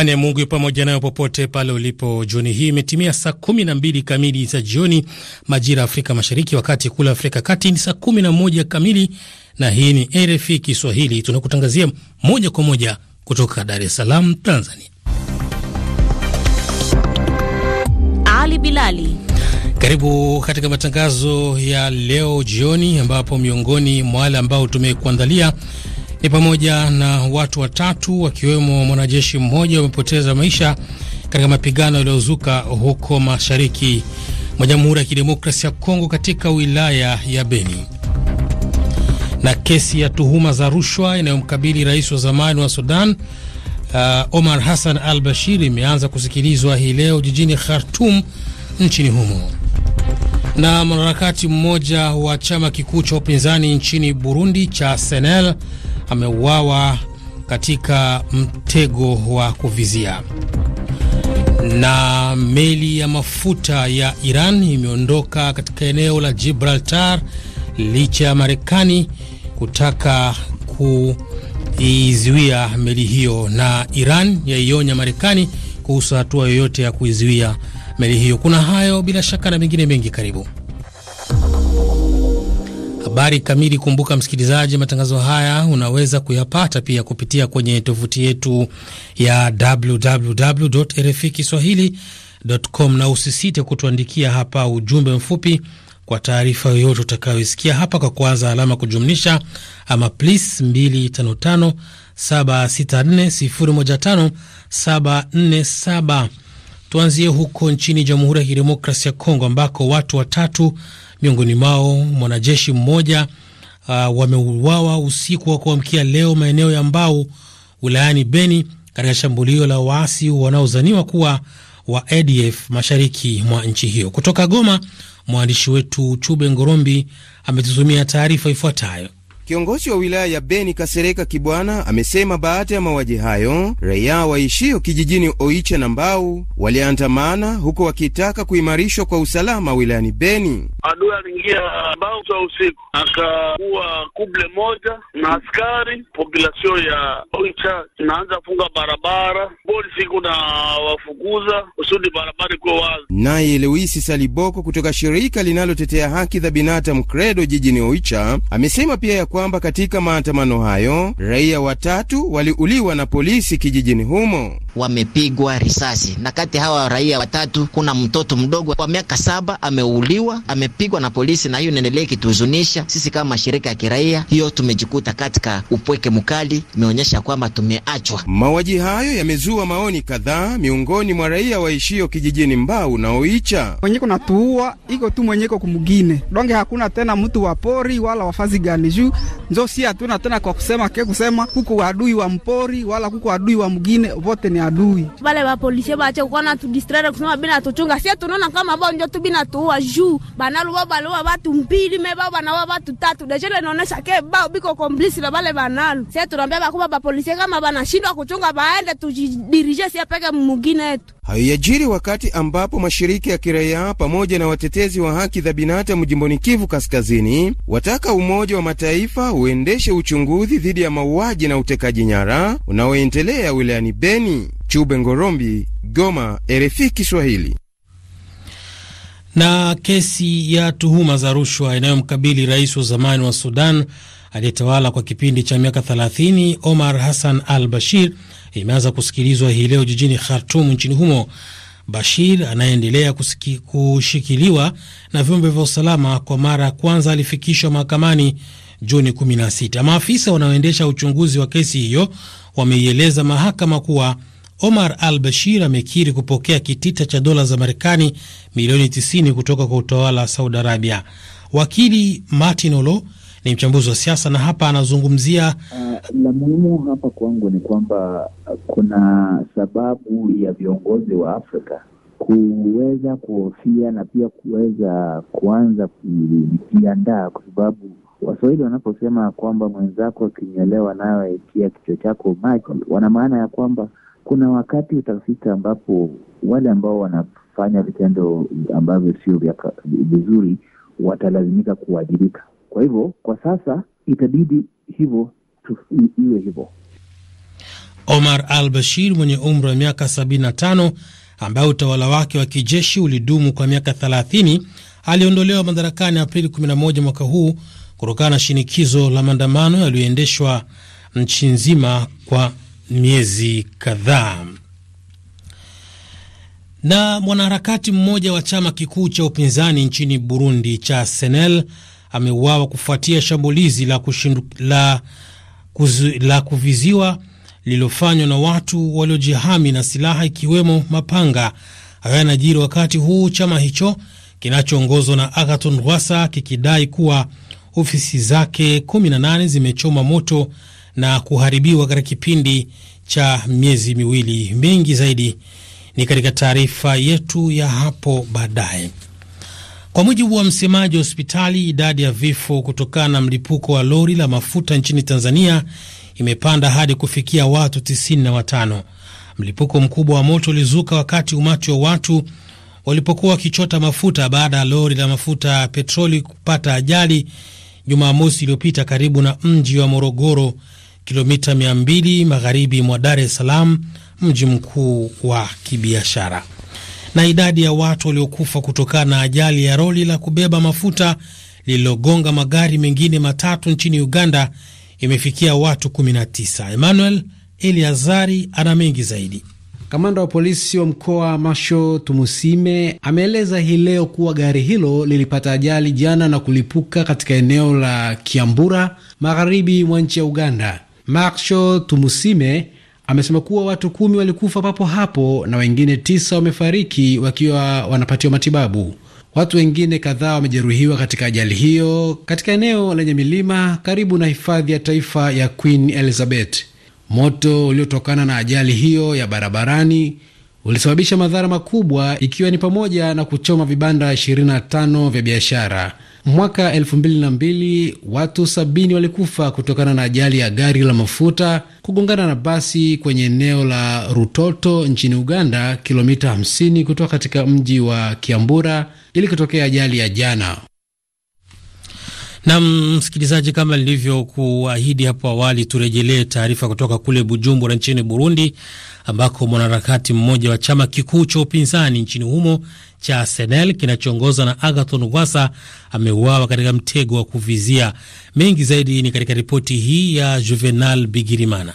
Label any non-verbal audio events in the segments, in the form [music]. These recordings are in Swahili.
Amani ya Mungu pamoja nayo popote pale ulipo. Jioni hii imetimia saa kumi na mbili kamili za jioni majira ya Afrika Mashariki, wakati kula Afrika Kati ni saa kumi na moja kamili, na hii ni RFI Kiswahili, tunakutangazia moja kwa moja kutoka Dar es Salaam, Tanzania. Ali Bilali, karibu katika matangazo ya leo jioni, ambapo miongoni mwa wale ambao tumekuandalia ni pamoja na watu watatu wakiwemo mwanajeshi mmoja wamepoteza maisha katika mapigano yaliyozuka huko mashariki mwa Jamhuri ya Kidemokrasia ya Kongo katika wilaya ya Beni. Na kesi ya tuhuma za rushwa inayomkabili rais wa zamani wa Sudan uh, Omar Hassan al Bashir imeanza kusikilizwa hii leo jijini Khartoum nchini humo. Na mwanaharakati mmoja wa chama kikuu cha upinzani nchini Burundi cha Senel ameuawa katika mtego wa kuvizia. Na meli ya mafuta ya Iran imeondoka katika eneo la Gibraltar licha ya Marekani kutaka kuizuia meli hiyo, na Iran yaionya Marekani kuhusu hatua yoyote ya kuizuia meli hiyo. Kuna hayo bila shaka na mengine mengi, karibu Habari kamili, kumbuka msikilizaji, matangazo haya unaweza kuyapata pia kupitia kwenye tovuti yetu ya www RFI Kiswahili.com, na usisite kutuandikia hapa ujumbe mfupi kwa taarifa yoyote utakayoisikia hapa kwa kuanza alama kujumlisha ama plis 255 764 Tuanzie huko nchini Jamhuri ya Kidemokrasi ya Kongo ambako watu watatu miongoni mwao mwanajeshi mmoja uh, wameuawa usiku wa kuamkia leo maeneo ya Mbau wilayani Beni katika shambulio la waasi wanaozaniwa kuwa wa ADF mashariki mwa nchi hiyo. Kutoka Goma, mwandishi wetu Chube Ngorombi ametutumia taarifa ifuatayo. Kiongozi wa wilaya ya Beni Kasereka Kibwana amesema baada ya mauaji hayo raia waishio kijijini Oicha na Mbau waliandamana huko wakitaka kuimarishwa kwa usalama wilayani Beni. Adui aliingia Mbau za usiku akakuwa kuble moja na askari, populasio ya Oicha inaanza funga barabara, polisi na wafukuza kusudi barabara ikuwa wazi. Naye Lewisi Saliboko kutoka shirika linalotetea haki za binadamu Kredo jijini Oicha amesema pia ya kwa kwamba katika maandamano hayo raia watatu waliuliwa na polisi kijijini humo, wamepigwa risasi, na kati hawa raia watatu kuna mtoto mdogo wa miaka saba ameuliwa, amepigwa na polisi, na hiyo inaendelea ikituhuzunisha sisi kama mashirika ya kiraia. Hiyo tumejikuta katika upweke mkali, imeonyesha kwamba tumeachwa. Mauaji hayo yamezua maoni kadhaa miongoni mwa raia waishio kijijini Mbau na Oicha. Mwenye kunatuua iko tu mwenyeko kumugine donge, hakuna tena mtu wa pori wala wafazi gani juu njo si hatuna tena kwa kusema ke kusema kuko adui wa mpori wala kuko adui wa mgine, vote ni adui. Bale ba polisi bache kuona tu distraire kusema bina tuchunga sie, tunaona kama bao njo tu bina tuua lu baba lu baba tu mbili me baba bao baba tu tatu dejele inaonesha ke bao biko komplisi na bale lu Sie tunaambia bakuba ba polisi kama bana shindwa kuchunga baende tujidirije sie peke mgine yetu. Haiyajiri wakati ambapo mashirika ya kiraia pamoja na watetezi wa haki za binadamu jimboni Kivu Kaskazini wataka Umoja wa Mataifa Mataifa uendeshe uchunguzi dhidi ya mauaji na utekaji nyara unaoendelea wilayani Beni. Chube Ngorombi, Goma, RFI Kiswahili. Na kesi ya tuhuma za rushwa inayomkabili rais wa zamani wa Sudan aliyetawala kwa kipindi cha miaka 30 Omar Hassan al Bashir imeanza kusikilizwa hii leo jijini Khartum nchini humo. Bashir anayeendelea kushikiliwa na vyombo vya usalama kwa mara ya kwanza alifikishwa mahakamani Juni 16. Maafisa wanaoendesha uchunguzi wa kesi hiyo wameieleza mahakama kuwa Omar Al Bashir amekiri kupokea kitita cha dola za Marekani milioni 90 kutoka kwa utawala wa Saudi Arabia. Wakili Martin Olo ni mchambuzi wa siasa na hapa anazungumzia uh, la muhimu hapa kwangu ni kwamba kuna sababu ya viongozi wa Afrika kuweza kuhofia na pia kuweza kuanza kujiandaa, kwa sababu Waswahili wanaposema kwamba mwenzako akinyolewa nawe itia kichwa chako maji, wana maana ya kwamba kuna wakati utafika ambapo wale ambao wanafanya vitendo ambavyo sio vizuri watalazimika kuwajibika. Kwa hivyo kwa sasa itabidi hivyo iwe hivyo. Omar Al Bashir mwenye umri wa miaka sabini tano ambaye utawala wake wa kijeshi ulidumu kwa miaka 30 aliondolewa madarakani Aprili 11 mwaka huu kutokana na shinikizo la maandamano yaliyoendeshwa nchi nzima kwa miezi kadhaa. Na mwanaharakati mmoja wa chama kikuu cha upinzani nchini Burundi cha Senel ameuawa kufuatia shambulizi la, kushindu, la, kuzu, la kuviziwa lililofanywa na watu waliojihami na silaha ikiwemo mapanga. Hayo yanajiri wakati huu chama hicho kinachoongozwa na Agathon Rwasa kikidai kuwa ofisi zake 18 zimechoma moto na kuharibiwa katika kipindi cha miezi miwili. Mengi zaidi ni katika taarifa yetu ya hapo baadaye. Kwa mujibu wa msemaji wa hospitali, idadi ya vifo kutokana na mlipuko wa lori la mafuta nchini Tanzania imepanda hadi kufikia watu 95. Mlipuko mkubwa wa moto ulizuka wakati umati wa watu walipokuwa wakichota mafuta baada ya lori la mafuta ya petroli kupata ajali Jumamosi iliyopita karibu na mji wa Morogoro, kilomita 200 magharibi mwa Dar es Salaam, mji mkuu wa kibiashara. Na idadi ya watu waliokufa kutokana na ajali ya roli la kubeba mafuta lililogonga magari mengine matatu nchini Uganda imefikia watu 19. Emmanuel Eliazari ana mengi zaidi. Kamanda wa polisi wa mkoa Masho Tumusime ameeleza hii leo kuwa gari hilo lilipata ajali jana na kulipuka katika eneo la Kiambura, magharibi mwa nchi ya Uganda. Masho Tumusime amesema kuwa watu kumi walikufa papo hapo na wengine tisa wamefariki wakiwa wanapatiwa matibabu. Watu wengine kadhaa wamejeruhiwa katika ajali hiyo katika eneo lenye milima karibu na hifadhi ya taifa ya Queen Elizabeth. Moto uliotokana na ajali hiyo ya barabarani ulisababisha madhara makubwa ikiwa ni pamoja na kuchoma vibanda 25 vya biashara. Mwaka 2002 watu 70 walikufa kutokana na ajali ya gari la mafuta kugongana na basi kwenye eneo la Rutoto nchini Uganda, kilomita 50 kutoka katika mji wa Kiambura ilikotokea ajali ya jana. Na msikilizaji, kama nilivyokuahidi hapo awali, turejelee taarifa kutoka kule Bujumbura nchini Burundi, ambako mwanaharakati mmoja wa chama kikuu cha upinzani nchini humo cha Senel kinachoongozwa na Agathon Rwasa ameuawa katika mtego wa kuvizia. Mengi zaidi ni katika ripoti hii ya Juvenal Bigirimana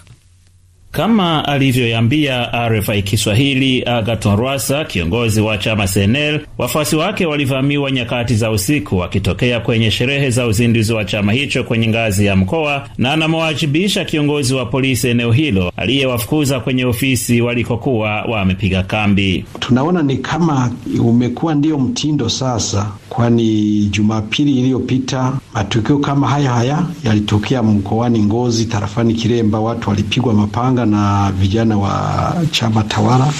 kama alivyoyambia RFI Kiswahili Agaton Rwasa, kiongozi wa chama CNL, wafuasi wake walivamiwa nyakati za usiku wakitokea kwenye sherehe za uzinduzi wa chama hicho kwenye ngazi ya mkoa, na anamewajibisha kiongozi wa polisi eneo hilo aliyewafukuza kwenye ofisi walikokuwa wamepiga kambi. Tunaona ni kama umekuwa ndiyo mtindo sasa, kwani Jumapili iliyopita matukio kama haya haya yalitokea mkoani Ngozi, tarafani Kiremba, watu walipigwa mapanga na vijana wa chama tawala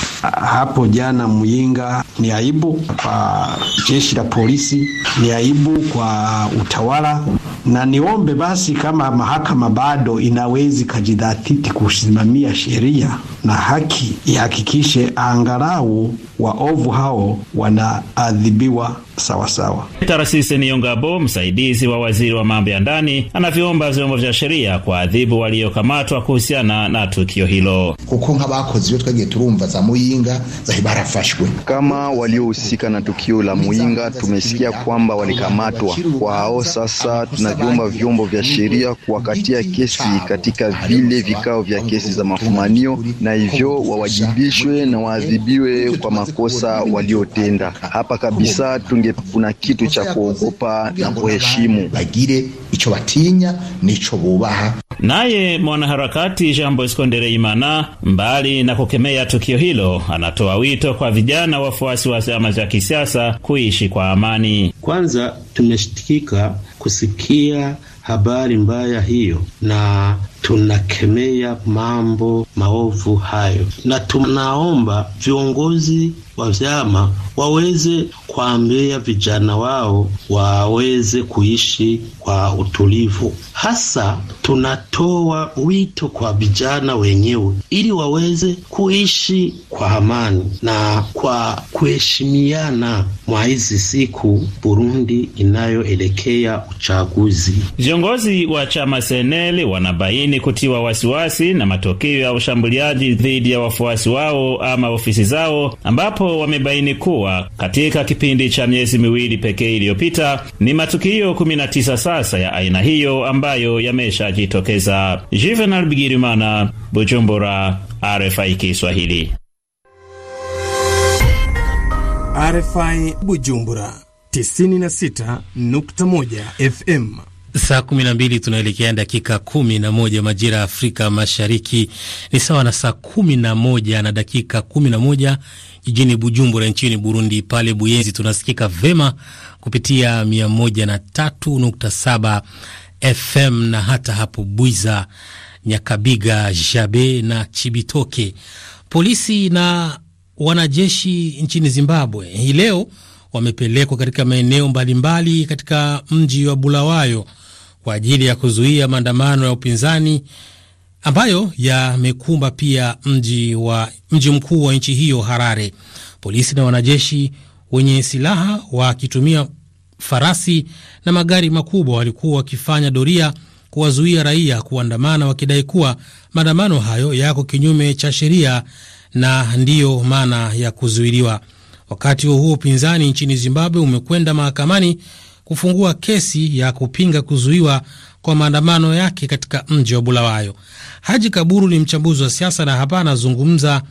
hapo jana. Muyinga ni aibu kwa jeshi la polisi, ni aibu kwa utawala, na niombe basi, kama mahakama bado inawezi kajidhatiti kusimamia sheria na haki, ihakikishe angalau waovu hao wanaadhibiwa sawasawa. Tarasisi Niongabo, msaidizi wa waziri wa mambo ya ndani, anavyoomba vyombo vya sheria kwa adhibu waliokamatwa kuhusiana na tukio hilo, kuko nk'abakoze iyo twagiye turumva za muyinga zahi barafashwe. Kama waliohusika na tukio la Muyinga tumesikia kwamba walikamatwa kwao. Sasa tunavyomba vyombo vya sheria kuwakatia kesi katika vile vikao vya kesi za mafumanio, na hivyo wawajibishwe na waadhibiwe kwa makosa waliotenda. Hapa kabisa tungi mwenge kuna kitu cha kuogopa na kuheshimu. bagire icho batinya nico bubaha. Naye mwanaharakati Jean Bosco imana mbali na kukemea tukio hilo, anatoa wito kwa vijana wafuasi wa chama cha kisiasa kuishi kwa amani. Kwanza tumeshtikika kusikia habari mbaya hiyo na tunakemea mambo maovu hayo, na tunaomba viongozi wa vyama waweze kuambia vijana wao waweze kuishi kwa utulivu. Hasa tunatoa wito kwa vijana wenyewe ili waweze kuishi kwa amani na kwa kuheshimiana mwa hizi siku Burundi inayoelekea uchaguzi. Viongozi wa chama CNL wanabaini kutiwa wasiwasi na matokeo ya ushambuliaji dhidi ya wafuasi wao ama ofisi zao ambapo ambapo wamebaini kuwa katika kipindi cha miezi miwili pekee iliyopita ni matukio 19 sasa ya aina hiyo ambayo yameshajitokeza. Juvenal Bigirimana, Bujumbura, RFI Kiswahili. RFI Bujumbura 96.1 FM. Saa mbili tunaelekea dakika 11 majira ya Afrika Mashariki, ni sawa na saa 11 na dakika 11 jijini Bujumbura nchini Burundi, pale Buyenzi tunasikika vema kupitia 103.7 FM na hata hapo Bwiza, Nyakabiga, Jabe na Chibitoke. Polisi na wanajeshi nchini Zimbabwe hii leo wamepelekwa katika maeneo mbalimbali katika mji wa Bulawayo kwa ajili ya kuzuia maandamano ya upinzani ambayo yamekumba pia mji wa mji mkuu wa nchi hiyo Harare. Polisi na wanajeshi wenye silaha wakitumia farasi na magari makubwa walikuwa wakifanya doria kuwazuia raia kuandamana, wakidai kuwa maandamano hayo yako kinyume cha sheria na ndiyo maana ya kuzuiliwa. Wakati huo huo, upinzani nchini Zimbabwe umekwenda mahakamani kufungua kesi ya kupinga kuzuiwa kwa maandamano yake katika mji wa Bulawayo. Haji Kaburu ni mchambuzi wa siasa na hapa anazungumza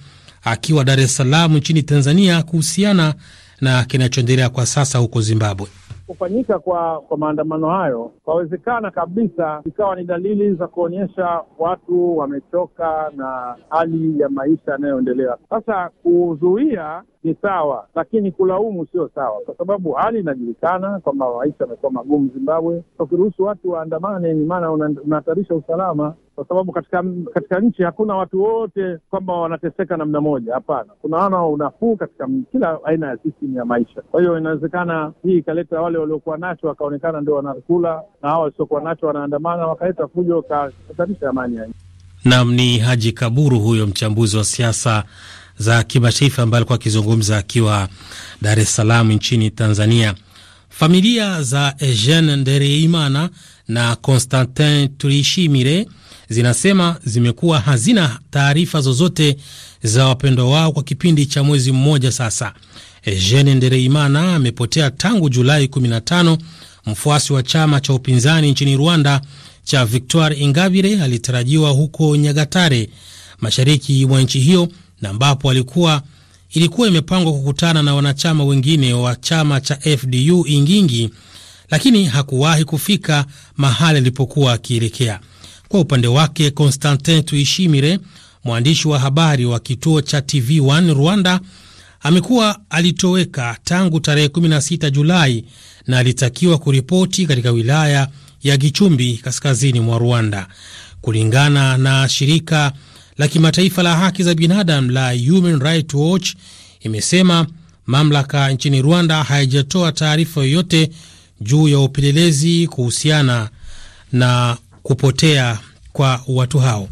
akiwa Dar es Salaam nchini Tanzania kuhusiana na kinachoendelea kwa sasa huko Zimbabwe. Kufanyika kwa kwa maandamano hayo kwawezekana kabisa ikawa ni dalili za kuonyesha watu wamechoka na hali ya maisha yanayoendelea sasa. Kuzuia ni sawa, lakini kulaumu sio sawa, kwa sababu hali inajulikana kwamba maisha yamekuwa magumu Zimbabwe. Ukiruhusu watu waandamane, ni maana unahatarisha usalama kwa sababu katika katika nchi hakuna watu wote kwamba wanateseka namna moja. Hapana, kuna wana unafuu katika kila aina ya system ya maisha. Kwa hiyo inawezekana hii ikaleta wale waliokuwa nacho wakaonekana ndio wanakula, na hawa wasiokuwa nacho wanaandamana, wakaleta fujo, wakahatarisha amani ya nchi. Naam, ni Haji Kaburu huyo mchambuzi wa siasa za kimataifa ambaye alikuwa akizungumza akiwa Dar es Salaam nchini Tanzania. Familia za Eugene Ndereimana na Constantin Turishimire zinasema zimekuwa hazina taarifa zozote za wapendwa wao kwa kipindi cha mwezi mmoja sasa. jene Ndereimana amepotea tangu Julai 15. Mfuasi wa chama cha upinzani nchini Rwanda cha Victoire Ingabire alitarajiwa huko Nyagatare, mashariki mwa nchi hiyo, na ambapo alikuwa ilikuwa imepangwa kukutana na wanachama wengine wa chama cha FDU Ingingi, lakini hakuwahi kufika mahali alipokuwa akielekea. Kwa upande wake, Constantin Tuishimire, mwandishi wa habari wa kituo cha TV1 Rwanda, amekuwa alitoweka tangu tarehe 16 Julai na alitakiwa kuripoti katika wilaya ya Gichumbi kaskazini mwa Rwanda. Kulingana na shirika la kimataifa la haki za binadamu la Human Rights Watch imesema mamlaka nchini Rwanda haijatoa taarifa yoyote juu ya upelelezi kuhusiana na kupotea kwa watu hao.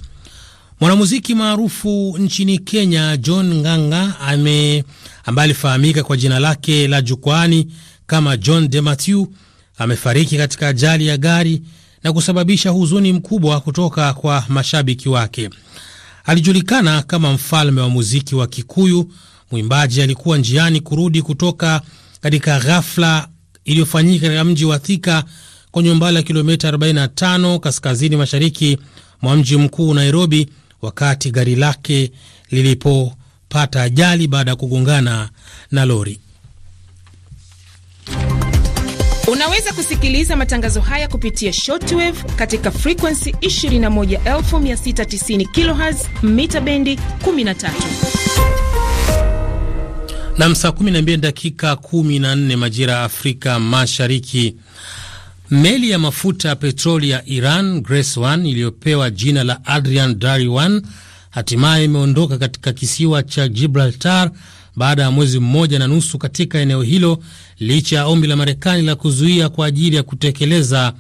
Mwanamuziki maarufu nchini Kenya John Nganga ame, ambaye alifahamika kwa jina lake la jukwani kama John De Mathew amefariki katika ajali ya gari na kusababisha huzuni mkubwa kutoka kwa mashabiki wake. Alijulikana kama mfalme wa muziki wa Kikuyu. Mwimbaji alikuwa njiani kurudi kutoka katika ghafla iliyofanyika katika mji wa Thika kwenye umbali wa kilomita 45 kaskazini mashariki mwa mji mkuu Nairobi, wakati gari lake lilipopata ajali baada ya kugongana na lori. Unaweza kusikiliza matangazo haya kupitia shortwave katika frekuensi 21690 kHz mita bendi 13 na saa 12 dakika 14 majira ya Afrika Mashariki. Meli ya mafuta ya petroli ya Iran Grace 1 iliyopewa jina la Adrian Dari 1 hatimaye imeondoka katika kisiwa cha Gibraltar baada ya mwezi mmoja na nusu katika eneo hilo licha ya ombi la Marekani la kuzuia kwa ajili ya kutekeleza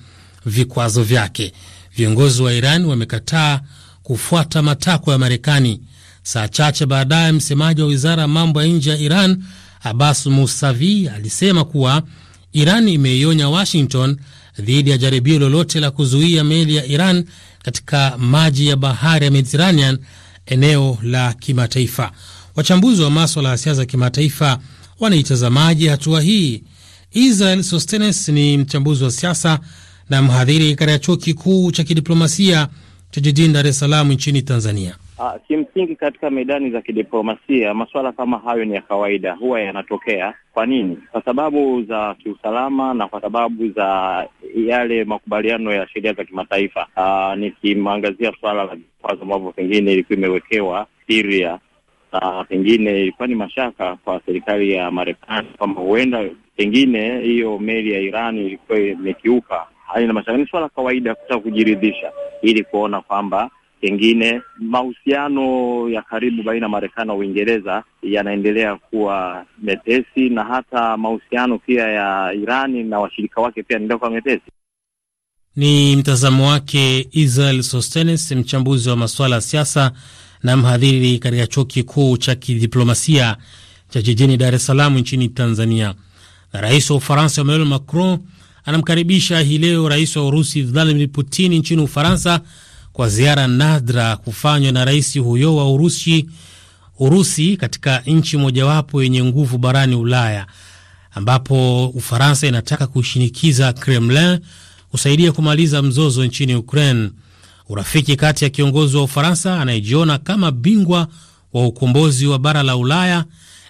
vikwazo vyake. Viongozi wa Iran wamekataa kufuata matakwa ya Marekani. Saa chache baadaye, msemaji wa wizara ya mambo ya nje ya Iran Abbas Musavi alisema kuwa Iran imeionya Washington dhidi ya jaribio lolote la kuzuia meli ya Iran katika maji ya bahari ya Mediterranean, eneo la kimataifa. Wachambuzi wa maswala ya siasa za kimataifa wanaitazamaje hatua hii? Israel Sostenes ni mchambuzi wa siasa na mhadhiri katika chuo kikuu cha kidiplomasia cha jijini Dar es Salaam nchini Tanzania. Uh, kimsingi katika medani za kidiplomasia masuala kama hayo ni ya kawaida, huwa yanatokea. Kwa nini? Kwa sababu za kiusalama na kwa sababu za yale makubaliano ya sheria za kimataifa. Uh, nikimwangazia suala la vikwazo ambavyo pengine ilikuwa imewekewa siria na pengine ilikuwa ni mashaka kwa serikali ya Marekani kwamba huenda pengine hiyo meli ya Iran ilikuwa imekiuka. Haina mashaka, ni suala kawaida kutaka kujiridhisha ili kuona kwamba Kingine, mahusiano ya karibu baina ya Marekani na Uingereza yanaendelea kuwa mepesi na hata mahusiano pia ya Irani na washirika wake pia yanaendelea kuwa mepesi. Ni mtazamo wake Israel Sostenes, mchambuzi wa masuala ya siasa na mhadhiri katika chuo kikuu cha kidiplomasia cha jijini Dar es Salaam nchini Tanzania. Na rais wa Ufaransa Emmanuel Macron anamkaribisha hii leo rais wa Urusi Vladimir Putin nchini Ufaransa kwa ziara nadra kufanywa na rais huyo wa Urusi, Urusi katika nchi mojawapo yenye nguvu barani Ulaya, ambapo Ufaransa inataka kushinikiza Kremlin kusaidia kumaliza mzozo nchini Ukraine. Urafiki kati ya kiongozi wa Ufaransa anayejiona kama bingwa wa ukombozi wa bara la Ulaya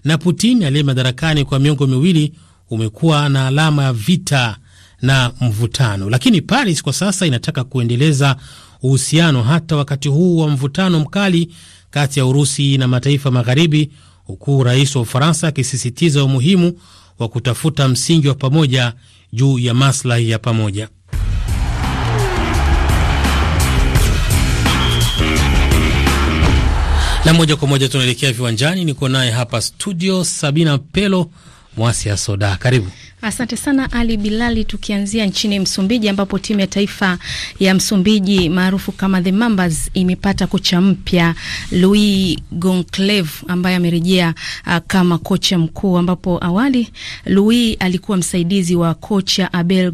na Putin aliye madarakani kwa miongo miwili umekuwa na alama ya vita na mvutano, lakini Paris kwa sasa inataka kuendeleza uhusiano hata wakati huu wa mvutano mkali kati ya Urusi na mataifa magharibi, huku rais wa Ufaransa akisisitiza umuhimu wa kutafuta msingi wa pamoja juu ya maslahi ya pamoja. Na moja kwa moja tunaelekea viwanjani, niko naye hapa studio Sabina Pelo ya Soda, karibu. Asante sana Ali Bilali. Tukianzia nchini Msumbiji, ambapo timu ya taifa ya Msumbiji maarufu kama The Mambas imepata kocha mpya louis Goncalves ambaye amerejea uh, kama kocha mkuu, ambapo awali louis alikuwa msaidizi wa kocha Abel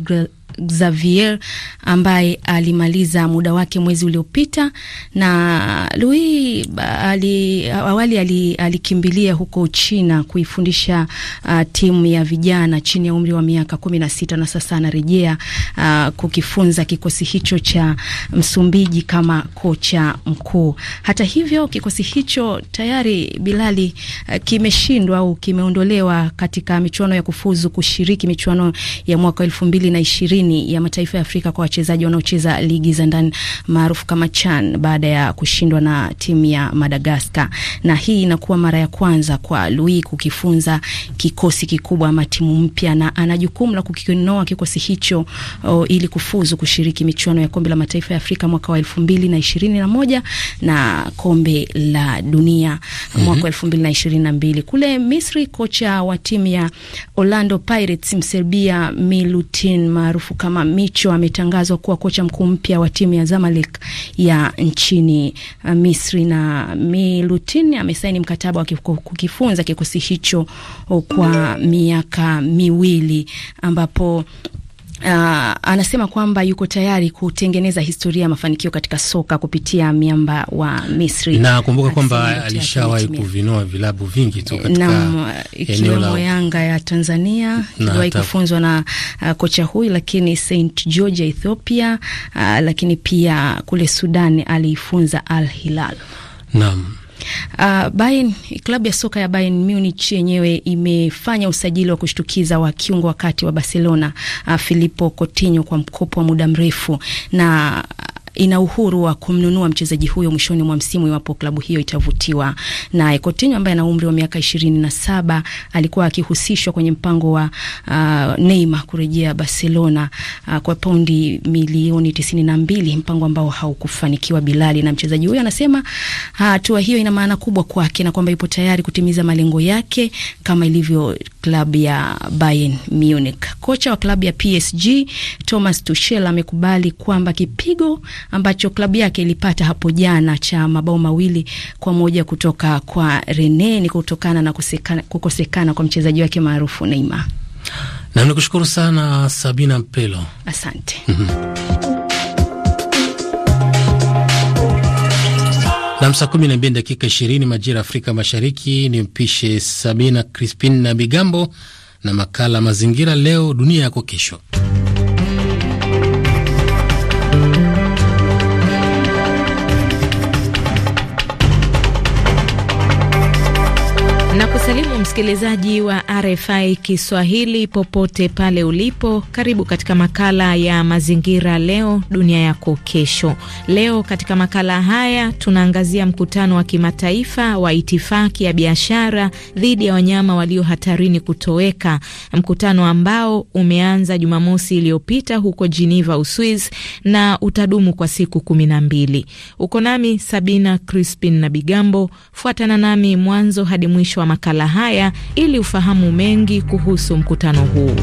Xavier ambaye alimaliza muda wake mwezi uliopita, na Louis uh, ali, uh, awali ali, alikimbilia huko china kuifundisha uh, timu ya vijana chini ya umri wa miaka kumi na sita na sasa anarejea uh, kukifunza kikosi hicho cha Msumbiji kama kocha mkuu. Hata hivyo kikosi hicho tayari Bilali uh, kimeshindwa au kimeondolewa katika michuano ya kufuzu kushiriki michuano ya mwaka elfu mbili na ishirini chini ya mataifa ya Afrika kwa wachezaji wanaocheza ligi za ndani maarufu kama CHAN baada ya kushindwa na timu ya Madagaskar, na hii inakuwa mara ya kwanza kwa Louis kukifunza kikosi kikubwa ama timu mpya, na ana jukumu la kukinoa kikosi hicho o, ili kufuzu kushiriki michuano ya kombe la mataifa ya Afrika mwaka wa elfu mbili na ishirini na moja na kombe la dunia mhm. mwaka wa elfu mbili na ishirini na mbili kule Misri. Kocha wa timu ya Orlando Pirates Mserbia Milutin maarufu kama Micho ametangazwa kuwa kocha mkuu mpya wa timu ya Zamalek ya nchini uh, Misri, na Milutin amesaini mkataba wa kukifunza kikosi hicho kwa miaka miwili ambapo Uh, anasema kwamba yuko tayari kutengeneza historia ya mafanikio katika soka kupitia miamba wa Misri, na kumbuka kwamba alishawahi kuvinua vilabu vingi tu katika ikiwemo Yanga ya Tanzania kiliwahi kufunzwa na uh, kocha huyu, lakini Saint George ya Ethiopia, uh, lakini pia kule Sudan aliifunza Al Hilal. Naam. Uh, Bayern, klabu ya soka ya Bayern Munich yenyewe imefanya usajili wa kushtukiza wa kiungo wakati wa Barcelona uh, Filippo Coutinho kwa mkopo wa muda mrefu na uh, ina uhuru wa kumnunua mchezaji huyo mwishoni mwa msimu iwapo klabu hiyo itavutiwa naye. Coutinho ambaye ana umri wa miaka ishirini na saba alikuwa akihusishwa kwenye mpango wa uh, Neymar kurejea Barcelona uh, kwa paundi milioni tisini na mbili, mpango ambao haukufanikiwa Bilali. Na mchezaji huyo anasema uh, hatua uh, hiyo ina maana kubwa kwake na kwamba yupo tayari kutimiza malengo yake kama ilivyo klabu ya Bayern Munich. Kocha wa klabu ya PSG Thomas Tuchel amekubali kwamba kipigo ambacho klabu yake ilipata hapo jana cha mabao mawili kwa moja kutoka kwa Rene ni kutokana na kusekana, kukosekana kwa mchezaji wake maarufu Neymar. Na nikushukuru sana Sabina Mpelo, asante. Mhm. Nam, saa kumi na mbili dakika ishirini majira ya Afrika Mashariki. Ni mpishe Sabina Crispin na Bigambo na makala Mazingira Leo Dunia Yako Kesho. msikilizaji wa RFI Kiswahili popote pale ulipo, karibu katika makala ya mazingira leo dunia yako kesho. Leo katika makala haya tunaangazia mkutano wa kimataifa wa itifaki ya biashara dhidi ya wanyama walio hatarini kutoweka, mkutano ambao umeanza Jumamosi iliyopita huko Geneva, Uswiz na utadumu kwa siku kumi na mbili. Uko nami Sabina Crispin na Bigambo, fuatana nami mwanzo hadi mwisho wa makala haya haya ili ufahamu mengi kuhusu mkutano huu.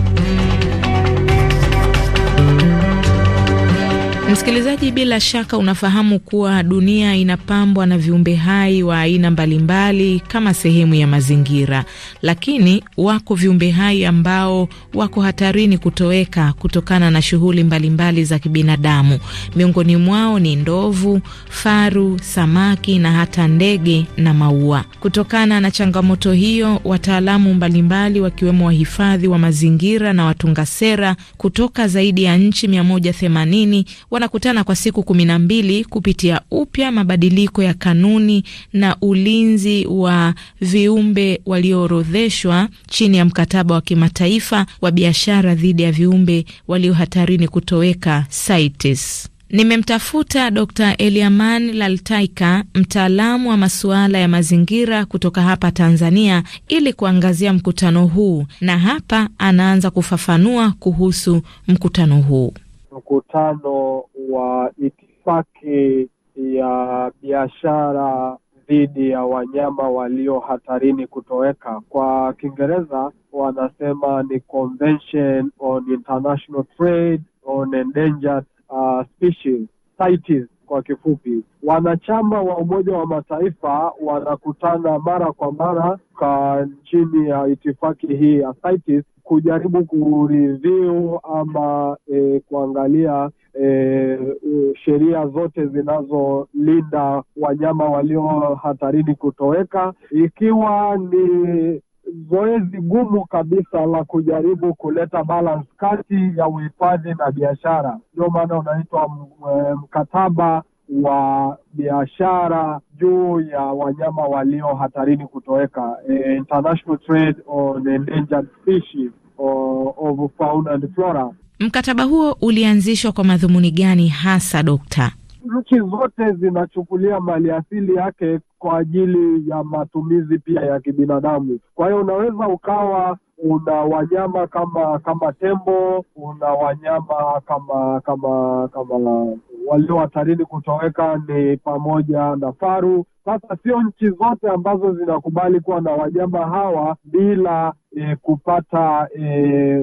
Msikilizaji, bila shaka unafahamu kuwa dunia inapambwa na viumbe hai wa aina mbalimbali kama sehemu ya mazingira, lakini wako viumbe hai ambao wako hatarini kutoweka kutokana na shughuli mbalimbali za kibinadamu. Miongoni mwao ni ndovu, faru, samaki na hata ndege na maua. Kutokana na changamoto hiyo, wataalamu mbalimbali wakiwemo wahifadhi wa mazingira na watunga sera kutoka zaidi ya nchi 180 wana wanakutana kwa siku kumi na mbili kupitia upya mabadiliko ya kanuni na ulinzi wa viumbe walioorodheshwa chini ya mkataba wa kimataifa wa biashara dhidi ya viumbe waliohatarini kutoweka CITES. Nimemtafuta Dr Eliaman Laltaika, mtaalamu wa masuala ya mazingira kutoka hapa Tanzania, ili kuangazia mkutano huu, na hapa anaanza kufafanua kuhusu mkutano huu mkutano wa itifaki ya biashara dhidi ya wanyama walio hatarini kutoweka. Kwa Kiingereza wanasema ni Convention on International Trade on Endangered uh, Species CITES kwa kifupi, wanachama wa Umoja wa Mataifa wanakutana mara kwa mara ka chini ya itifaki hii ya CITES kujaribu kuridhiu ama e, kuangalia e, e, sheria zote zinazolinda wanyama walio hatarini kutoweka, ikiwa ni zoezi gumu kabisa la kujaribu kuleta balance kati ya uhifadhi na biashara. Ndio maana unaitwa e, mkataba wa biashara juu ya wanyama walio hatarini kutoweka, e, International Trade on Endangered Species of Fauna and Flora. Mkataba huo ulianzishwa kwa madhumuni gani hasa, Dokta? Nchi zote zinachukulia mali asili yake kwa ajili ya matumizi pia ya kibinadamu. Kwa hiyo unaweza ukawa una wanyama kama kama tembo, una wanyama kama kama kama walio hatarini kutoweka ni pamoja na faru. Sasa sio nchi zote ambazo zinakubali kuwa na wanyama hawa bila e, kupata e,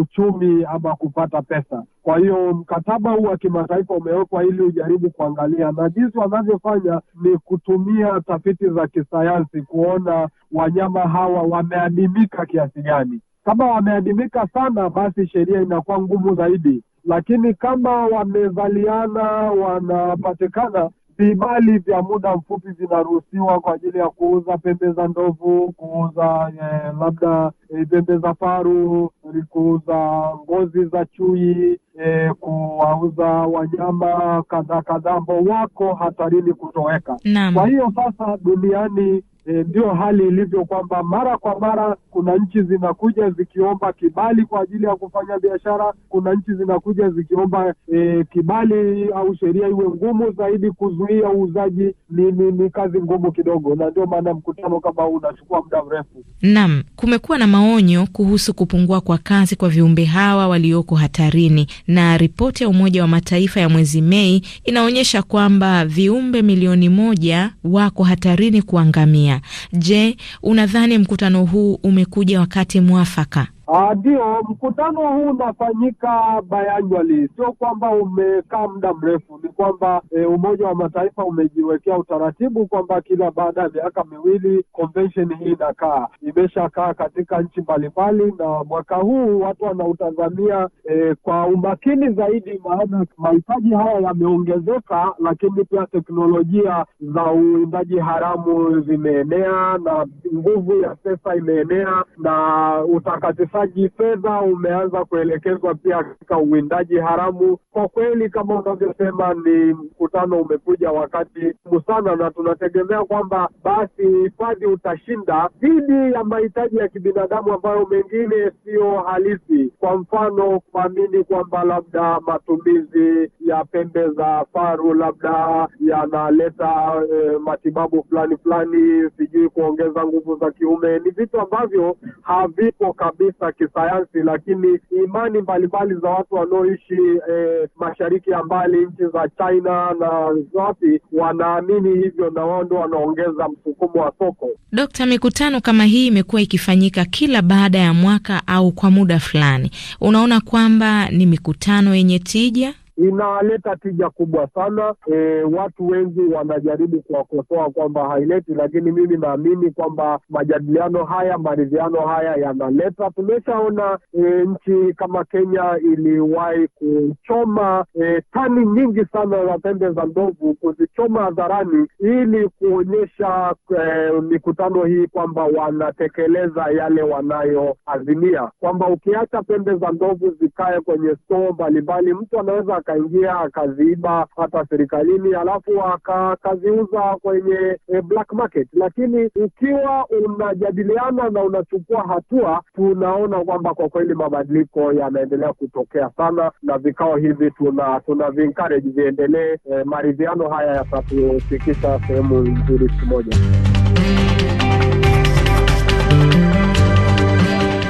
uchumi ama kupata pesa. Kwa hiyo mkataba huu wa kimataifa umewekwa ili ujaribu kuangalia, na jinsi wanavyofanya ni kutumia tafiti za kisayansi kuona wanyama hawa wameadimika kiasi gani. Kama wameadimika sana, basi sheria inakuwa ngumu zaidi lakini kama wamevaliana wanapatikana, vibali vya muda mfupi vinaruhusiwa kwa ajili ya kuuza pembe za ndovu, kuuza eh, labda eh, pembe za faru, kuuza ngozi za chui eh, kuwauza wanyama kadhaa kadhaa ambao wako hatarini kutoweka. Kwa hiyo sasa duniani E, ndio hali ilivyo kwamba mara kwa mara kuna nchi zinakuja zikiomba kibali kwa ajili ya kufanya biashara. Kuna nchi zinakuja zikiomba e, kibali au sheria iwe ngumu zaidi kuzuia uuzaji. Ni, ni, ni kazi ngumu kidogo, na ndio maana mkutano kama huu unachukua muda mrefu. Naam, kumekuwa na maonyo kuhusu kupungua kwa kazi kwa viumbe hawa walioko hatarini, na ripoti ya Umoja wa Mataifa ya mwezi Mei inaonyesha kwamba viumbe milioni moja wako hatarini kuangamia. Je, unadhani mkutano huu umekuja wakati mwafaka? Ah, ndio, mkutano huu unafanyika bayanjali, sio kwamba umekaa muda mrefu. Ni kwamba e, Umoja wa Mataifa umejiwekea utaratibu kwamba kila baada ya miaka miwili convention hii inakaa, imeshakaa katika nchi mbalimbali, na mwaka huu watu wanautazamia e, kwa umakini zaidi, maana mahitaji haya yameongezeka, lakini pia teknolojia za uwindaji haramu zimeenea na nguvu ya pesa imeenea na utakatifu ukosaji fedha umeanza kuelekezwa pia katika uwindaji haramu. Kwa kweli, kama unavyosema, ni mkutano umekuja wakati sana na tunategemea kwamba basi uhifadhi utashinda dhidi ya mahitaji ya kibinadamu ambayo mengine siyo halisi, kwa mfano kuamini kwamba labda matumizi ya pembe za faru labda yanaleta e, matibabu fulani fulani, sijui kuongeza nguvu za kiume, ni vitu ambavyo havipo kabisa za kisayansi, lakini imani mbalimbali za watu wanaoishi e, mashariki ya mbali, nchi za China na wapi, wanaamini hivyo, na wao ndo wanaongeza msukumo wa soko. Dokta, mikutano kama hii imekuwa ikifanyika kila baada ya mwaka au kwa muda fulani, unaona kwamba ni mikutano yenye tija? inaleta tija kubwa sana. E, watu wengi wanajaribu kuwakosoa kwamba haileti, lakini mimi naamini kwamba majadiliano haya, maridhiano haya yanaleta. Tumeshaona e, nchi kama Kenya iliwahi kuchoma e, tani nyingi sana za pembe za ndovu, kuzichoma hadharani ili kuonyesha e, mikutano hii kwamba wanatekeleza yale wanayoazimia, kwamba ukiacha pembe za ndovu zikae kwenye stoo mbalimbali, mtu anaweza akaingia akaziiba hata serikalini, alafu akaziuza kwenye e, black market. Lakini ukiwa unajadiliana na unachukua hatua, tunaona kwamba kwa kweli mabadiliko yanaendelea kutokea sana, na vikao hivi tuna tuna viendelee. Eh, maridhiano haya yatatufikisha sehemu nzuri siku moja.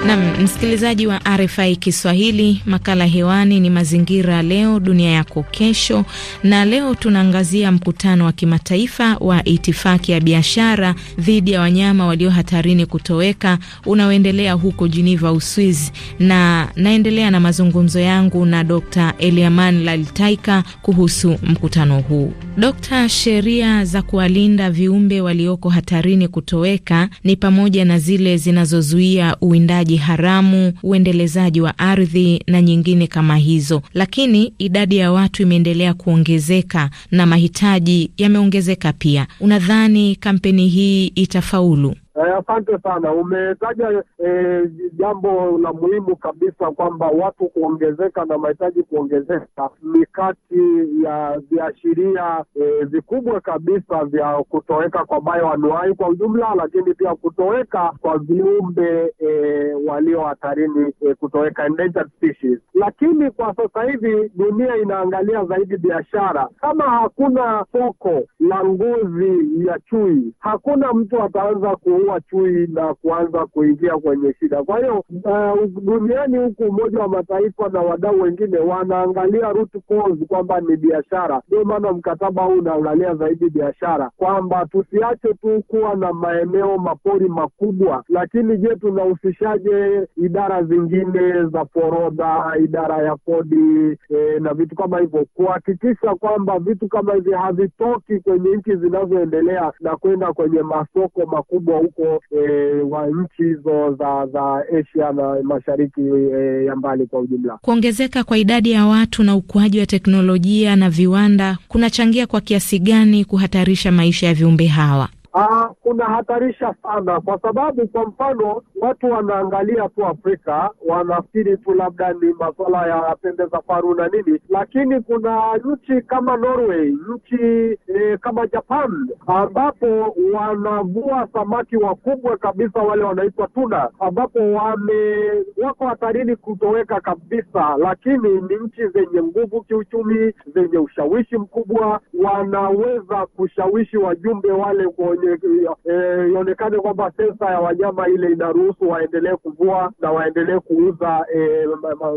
Nam msikilizaji wa RFI Kiswahili, makala hewani ni mazingira, leo dunia yako kesho, na leo tunaangazia mkutano wa kimataifa wa itifaki ya biashara dhidi ya wanyama walio hatarini kutoweka unaoendelea huko Geneva, Uswizi, na naendelea na mazungumzo yangu na Dr Eliaman Laltaika kuhusu mkutano huu. Dr, sheria za kuwalinda viumbe walioko hatarini kutoweka ni pamoja na zile zinazozuia uwindaji haramu, uendelezaji wa ardhi na nyingine kama hizo. Lakini idadi ya watu imeendelea kuongezeka na mahitaji yameongezeka pia. Unadhani kampeni hii itafaulu? Eh, asante sana. Umetaja eh, jambo la muhimu kabisa kwamba watu kuongezeka na mahitaji kuongezeka ni kati ya viashiria eh, vikubwa kabisa vya kutoweka kwa bayoanuai kwa ujumla, lakini pia kutoweka kwa viumbe eh, walio hatarini eh, kutoweka endangered species. Lakini kwa sasa hivi dunia inaangalia zaidi biashara. Kama hakuna soko la ngozi ya chui, hakuna mtu ataanza ku kuua chui na kuanza kuingia kwenye shida. Kwa hiyo uh, duniani huku Umoja wa Mataifa na wadau wengine wanaangalia root cause kwamba ni biashara. Ndio maana mkataba huu unaangalia zaidi biashara, kwamba tusiache tu kuwa na maeneo mapori makubwa, lakini je, tunahusishaje idara zingine za forodha, idara ya kodi e, na vitu kama hivyo, kuhakikisha kwamba vitu kama hivi havitoki kwenye nchi zinazoendelea na kwenda kwenye masoko makubwa huku huko e, eh, wa nchi hizo za, za Asia na mashariki e, ya mbali kwa ujumla. Kuongezeka kwa idadi ya watu na ukuaji wa teknolojia na viwanda kunachangia kwa kiasi gani kuhatarisha maisha ya viumbe hawa? uh, kunahatarisha sana, kwa sababu kwa mfano watu wanaangalia tu Afrika wanafikiri tu labda ni masuala ya pembe za faru na nini, lakini kuna nchi kama Norway, nchi eh, kama Japan ambapo wanavua samaki wakubwa kabisa wale wanaitwa tuna, ambapo wame wako hatarini kutoweka kabisa, lakini ni nchi zenye nguvu kiuchumi, zenye ushawishi mkubwa, wanaweza kushawishi wajumbe wale kwenye Eh, ionekane kwamba sensa ya wanyama ile inaruhusu waendelee kuvua na waendelee kuuza e,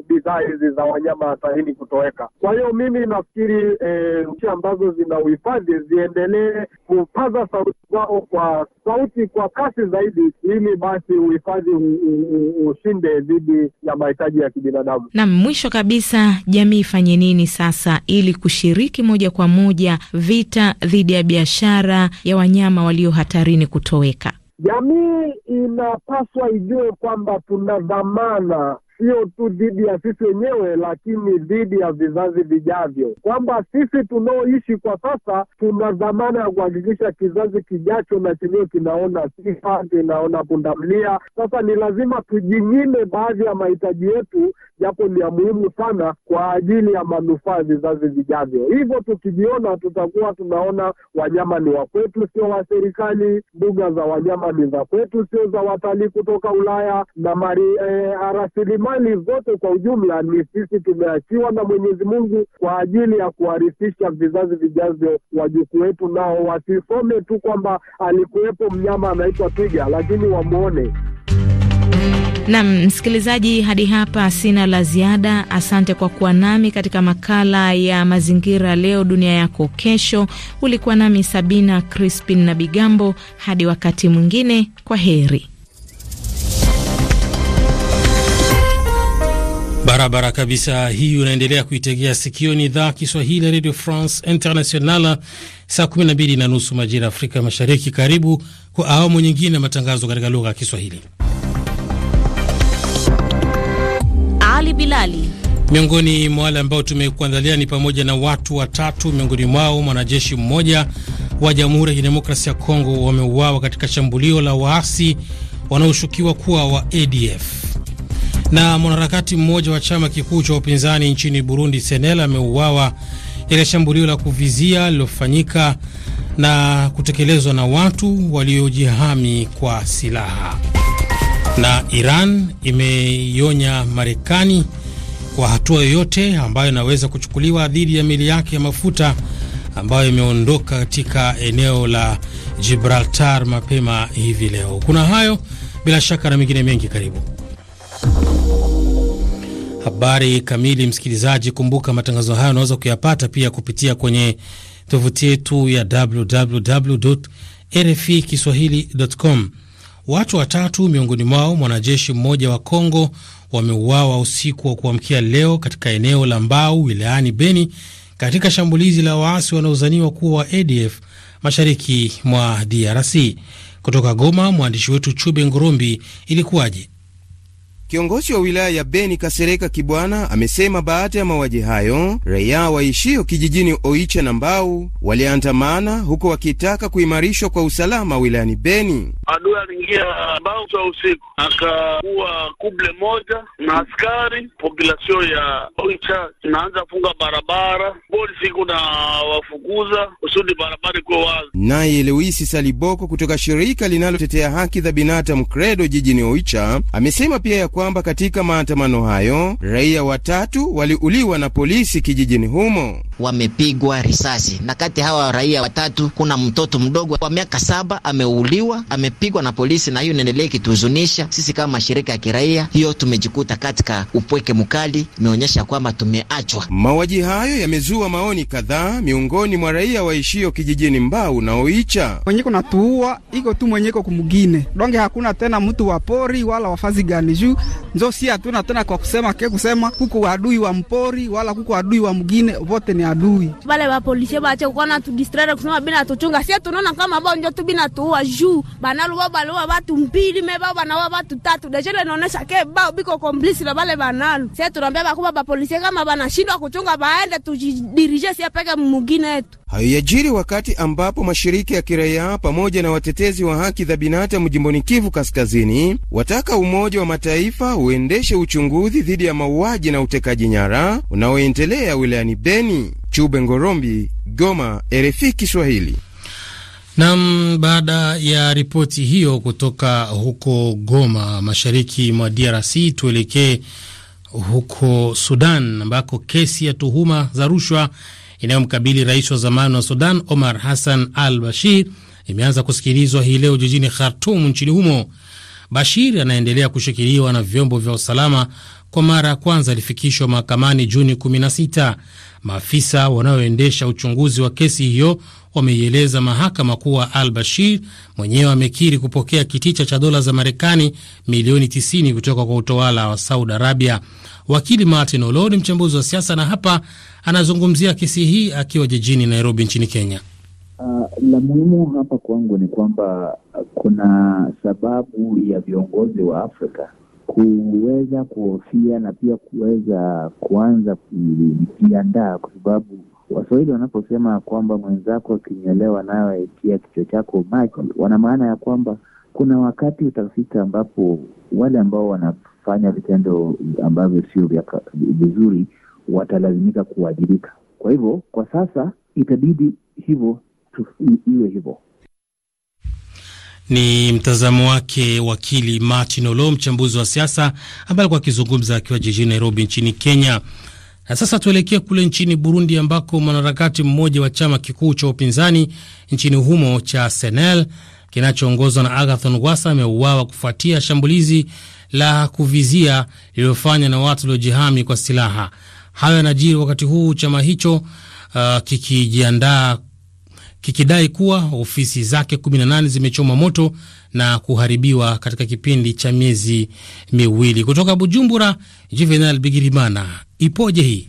bidhaa hizi za wanyama hatarini kutoweka. Kwa hiyo mimi nafikiri eh, nchi ambazo zina uhifadhi ziendelee kupaza sauti zao kwa sauti kwa kasi zaidi, ili basi uhifadhi ushinde dhidi ya mahitaji ya kibinadamu. Nam, mwisho kabisa, jamii ifanye nini sasa ili kushiriki moja kwa moja vita dhidi ya biashara ya wanyama wali walio hatarini kutoweka. Jamii inapaswa ijue kwamba tuna dhamana sio tu dhidi ya sisi wenyewe, lakini dhidi ya vizazi vijavyo, kwamba sisi tunaoishi kwa sasa tuna dhamana ya kuhakikisha kizazi kijacho na chenyewe kinaona sifa, kinaona pundamlia. Sasa ni lazima tujinyime baadhi ya mahitaji yetu, japo ni ya muhimu sana kwa ajili ya manufaa ya vizazi vijavyo. Hivyo tukijiona, tutakuwa tunaona wanyama ni wa kwetu, sio wa serikali. Mbuga za wanyama ni za kwetu, sio za watalii kutoka Ulaya na mari, eh, rasilimali mali zote kwa ujumla ni sisi tumeachiwa na Mwenyezi Mungu kwa ajili ya kuharithisha vizazi vijavyo, wajukuu wetu nao wasisome tu kwamba alikuwepo mnyama anaitwa twiga, lakini wamwone. Nam msikilizaji, hadi hapa sina la ziada. Asante kwa kuwa nami katika makala ya mazingira leo dunia yako kesho. Ulikuwa nami Sabina Crispin na Bigambo. Hadi wakati mwingine, kwa heri. Barabara kabisa, hii unaendelea kuitegea sikio. Ni idhaa Kiswahili ya Radio France International, saa 12 na nusu majira Afrika Mashariki. Karibu kwa awamu nyingine ya matangazo katika lugha ya Kiswahili. Ali Bilali miongoni mwa wale ambao tumekuandalia ni pamoja na watu watatu, miongoni mwao mwanajeshi mmoja wa Jamhuri ya Kidemokrasia ya Kongo wameuawa katika shambulio la waasi wanaoshukiwa kuwa wa ADF. Na mwanaharakati mmoja wa chama kikuu cha upinzani nchini Burundi, Senel, ameuawa katika shambulio la kuvizia lilofanyika na kutekelezwa na watu waliojihami kwa silaha. Na Iran imeionya Marekani kwa hatua yoyote ambayo inaweza kuchukuliwa dhidi ya meli yake ya mafuta ambayo imeondoka katika eneo la Gibraltar mapema hivi leo. Kuna hayo bila shaka na mengine mengi, karibu Habari kamili, msikilizaji, kumbuka matangazo hayo unaweza kuyapata pia kupitia kwenye tovuti yetu ya www RFI Kiswahili.com. Watu watatu miongoni mwao mwanajeshi mmoja wa Kongo wameuawa usiku wa kuamkia leo katika eneo la Mbau wilayani Beni katika shambulizi la waasi wanaozaniwa kuwa wa ADF mashariki mwa DRC. Kutoka Goma, mwandishi wetu Chube Ngurumbi. Ilikuwaje? Kiongozi wa wilaya ya Beni Kasereka Kibwana amesema baada ya mauaji hayo raia waishio kijijini Oicha na Mbau waliandamana huko wakitaka kuimarishwa kwa usalama wilayani Beni. Adui aliingia Mbau za usiku akakuwa kuble moja na askari, populasio ya Oicha inaanza funga barabara, siku na wafukuza kusudi barabara ikuwe wazi. Naye Lewisi Saliboko kutoka shirika linalotetea haki za binadamu Kredo jijini Oicha amesema pia ya kwamba katika maandamano hayo raia watatu waliuliwa na polisi kijijini humo, wamepigwa risasi, na kati hawa raia watatu kuna mtoto mdogo wa miaka saba ameuliwa, amepigwa na polisi, na hiyo inaendelea ikituhuzunisha sisi kama mashirika ya kiraia. Hiyo tumejikuta katika upweke mkali, imeonyesha kwamba tumeachwa. Mauaji hayo yamezua maoni kadhaa miongoni mwa raia waishio kijijini Mbau na Oicha. Mwenye kunatuua iko tu mwenyeko kumgine donge, hakuna tena mtu wa pori wala wafazi gani juu nzo si hatuna tena kwa kusema ke kusema kuko adui wa mpori wala kuko adui wa mgine, wote ni adui. Bale ba polisi bache kukona tu distraire kusema bina tuchunga sie, tunaona kama bao njo tu bina tuua juu banalu bao baluwa batu mbili me bao banaua batu tatu dejele inaonesha ke bao biko complice na bale banalu sie. Tunaambia bakuba ba polisi kama bana shindwa kuchunga baende tujidirije sie peke mugine etu. Hayo yajiri wakati ambapo mashirika ya kiraia pamoja na watetezi wa haki za binadamu jimboni Kivu Kaskazini wataka Umoja wa Mataifa kitaifa uendeshe uchunguzi dhidi ya mauaji na utekaji nyara unaoendelea wilayani Beni. Chube Ngorombi, Goma, RFI Kiswahili. Nam, baada ya ripoti hiyo kutoka huko Goma, mashariki mwa DRC, tuelekee huko Sudan ambako kesi ya tuhuma za rushwa inayomkabili rais wa zamani wa Sudan Omar Hassan al Bashir imeanza kusikilizwa hii leo jijini Khartum nchini humo. Bashir anaendelea kushikiliwa na vyombo vya usalama kwa mara ya kwanza alifikishwa mahakamani Juni 16. Maafisa wanaoendesha uchunguzi wa kesi hiyo wameieleza mahakama kuwa Al Bashir mwenyewe amekiri kupokea kitita cha dola za Marekani milioni 90 kutoka kwa utawala wa Saudi Arabia. Wakili Martin Olo ni mchambuzi wa siasa na hapa anazungumzia kesi hii akiwa jijini Nairobi nchini Kenya. Uh, la muhimu hapa kwangu ni kwamba kuna sababu ya viongozi wa Afrika kuweza kuhofia na pia kuweza kuanza kujiandaa, kwa sababu Waswahili wanaposema kwamba mwenzako akinyolewa nayo itia kichwa chako maji, wana maana ya kwamba kuna wakati utafika ambapo wale ambao wanafanya vitendo ambavyo sio vizuri watalazimika kuwajibika. Kwa hivyo kwa sasa itabidi hivyo tu iwe hivyo. Ni mtazamo wake wakili Martin Olo, mchambuzi wa siasa ambaye alikuwa akizungumza akiwa jijini Nairobi nchini Kenya. Na sasa tuelekee kule nchini Burundi ambako mwanaharakati mmoja wa chama kikuu cha upinzani nchini humo cha Senel kinachoongozwa na Agathon Rwasa ameuawa kufuatia shambulizi la kuvizia lililofanywa na watu waliojihami kwa silaha. Hayo yanajiri wakati huu chama hicho uh, kikijiandaa kikidai kuwa ofisi zake 18 zimechoma moto na kuharibiwa katika kipindi cha miezi miwili. Kutoka Bujumbura, Juvenal Bigirimana, ipoje hii?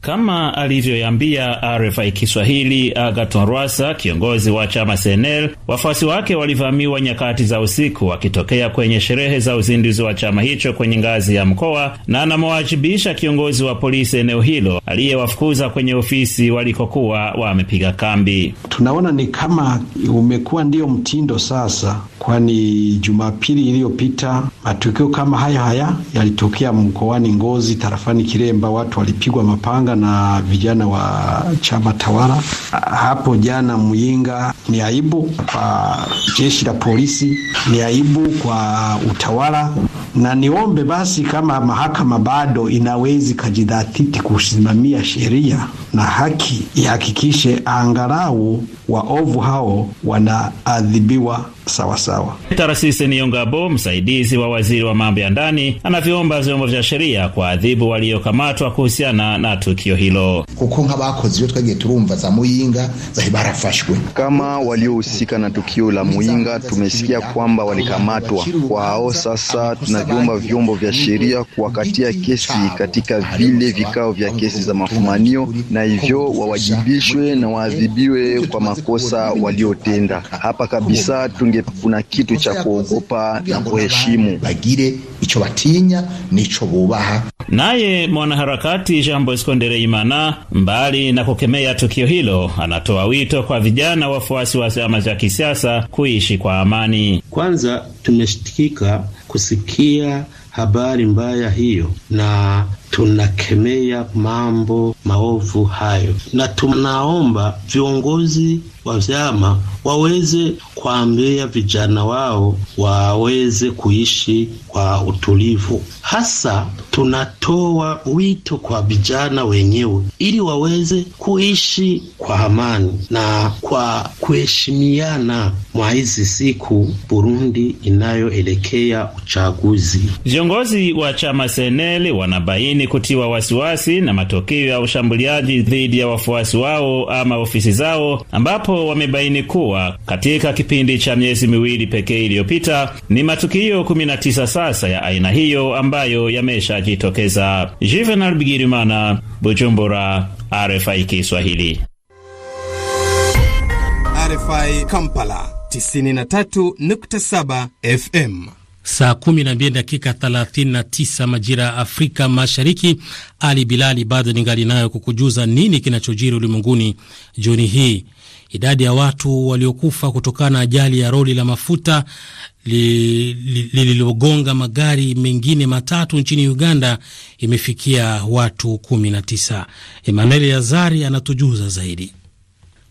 Kama alivyoyambia RFI Kiswahili Agaton Rwasa, kiongozi wa chama CNL, wafuasi wake walivamiwa nyakati za usiku wakitokea kwenye sherehe za uzinduzi wa chama hicho kwenye ngazi ya mkoa, na anamewajibisha kiongozi wa polisi eneo hilo aliyewafukuza kwenye ofisi walikokuwa wamepiga kambi. Tunaona ni kama umekuwa ndiyo mtindo sasa, kwani Jumapili iliyopita matukio kama haya haya yalitokea mkoani Ngozi, tarafani Kiremba, watu walipigwa mapanga Muyinga na vijana wa chama tawala hapo jana Muyinga. Ni aibu kwa jeshi la polisi, ni aibu kwa utawala, na niombe basi, kama mahakama bado inawezi kajidhatiti kusimamia sheria na haki, ihakikishe angalau waovu hao wanaadhibiwa sawasawa. Tarasisi Niyongabo, msaidizi wa waziri wa mambo ya ndani, anavyoomba vyombo vya sheria kwa adhibu waliokamatwa kuhusiana na tukio hilo, kuko nk'abakoze ivyo twagiye turumva za muyinga zahi barafashwe. Kama waliohusika na tukio la Muyinga tumesikia kwamba walikamatwa kwa hao, sasa tunavyomba vyombo vya sheria kuwakatia kesi katika vile vikao vya kesi za mafumanio, na hivyo wawajibishwe na waadhibiwe kwa makosa waliotenda. Hapa kabisa tunge kwanje kuna kitu cha kuogopa na kuheshimu. bagire icho batinya nico bubaha. Naye mwanaharakati Jean Bosco Ndereyimana, mbali na kukemea tukio hilo, anatoa wito kwa vijana wafuasi wa chama cha kisiasa kuishi kwa amani. Kwanza tumeshtikika kusikia habari mbaya hiyo, na tunakemea mambo maovu hayo, na tunaomba viongozi wa vyama waweze kuambia vijana wao waweze kuishi kwa utulivu. Hasa tunatoa wito kwa vijana wenyewe ili waweze kuishi kwa amani na kwa kuheshimiana mwa hizi siku Burundi inayoelekea uchaguzi. Viongozi wa chama Seneli wanabaini wanaamini kutiwa wasiwasi na matokeo ya ushambuliaji dhidi ya wafuasi wao ama ofisi zao, ambapo wamebaini kuwa katika kipindi cha miezi miwili pekee iliyopita ni matukio 19 sasa ya aina hiyo ambayo yameshajitokeza. Juvenal Bigirimana, Bujumbura, RFI Kiswahili. RFI Kampala 93.7 FM saa 12 dakika 39 majira ya Afrika Mashariki. Ali Bilali bado ningali nayo kukujuza nini kinachojiri ulimwenguni jioni hii. Idadi ya watu waliokufa kutokana na ajali ya roli la mafuta lililogonga li, li, magari mengine matatu nchini Uganda imefikia watu 19. Emmanuel Yazari anatujuza zaidi.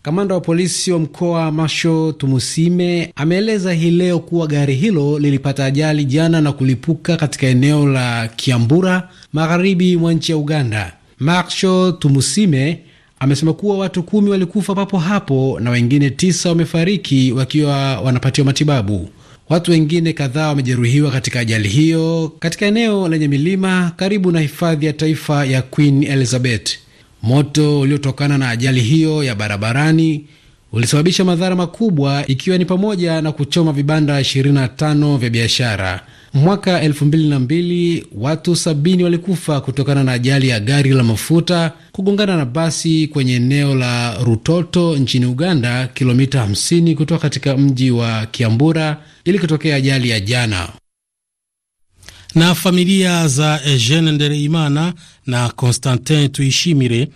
Kamanda wa polisi wa mkoa Masho Tumusime ameeleza hii leo kuwa gari hilo lilipata ajali jana na kulipuka katika eneo la Kiambura, magharibi mwa nchi ya Uganda. Masho Tumusime amesema kuwa watu kumi walikufa papo hapo na wengine tisa wamefariki wakiwa wanapatiwa matibabu. Watu wengine kadhaa wamejeruhiwa katika ajali hiyo katika eneo lenye milima karibu na hifadhi ya taifa ya Queen Elizabeth. Moto uliotokana na ajali hiyo ya barabarani ulisababisha madhara makubwa ikiwa ni pamoja na kuchoma vibanda 25 vya biashara. Mwaka 2002 watu 70 walikufa kutokana na ajali ya gari la mafuta kugongana na basi kwenye eneo la Rutoto nchini Uganda, kilomita 50 kutoka katika mji wa Kiambura ili kutokea ajali ya jana. Na familia za Eugene eh, Ndereimana na Constantin Tuishimire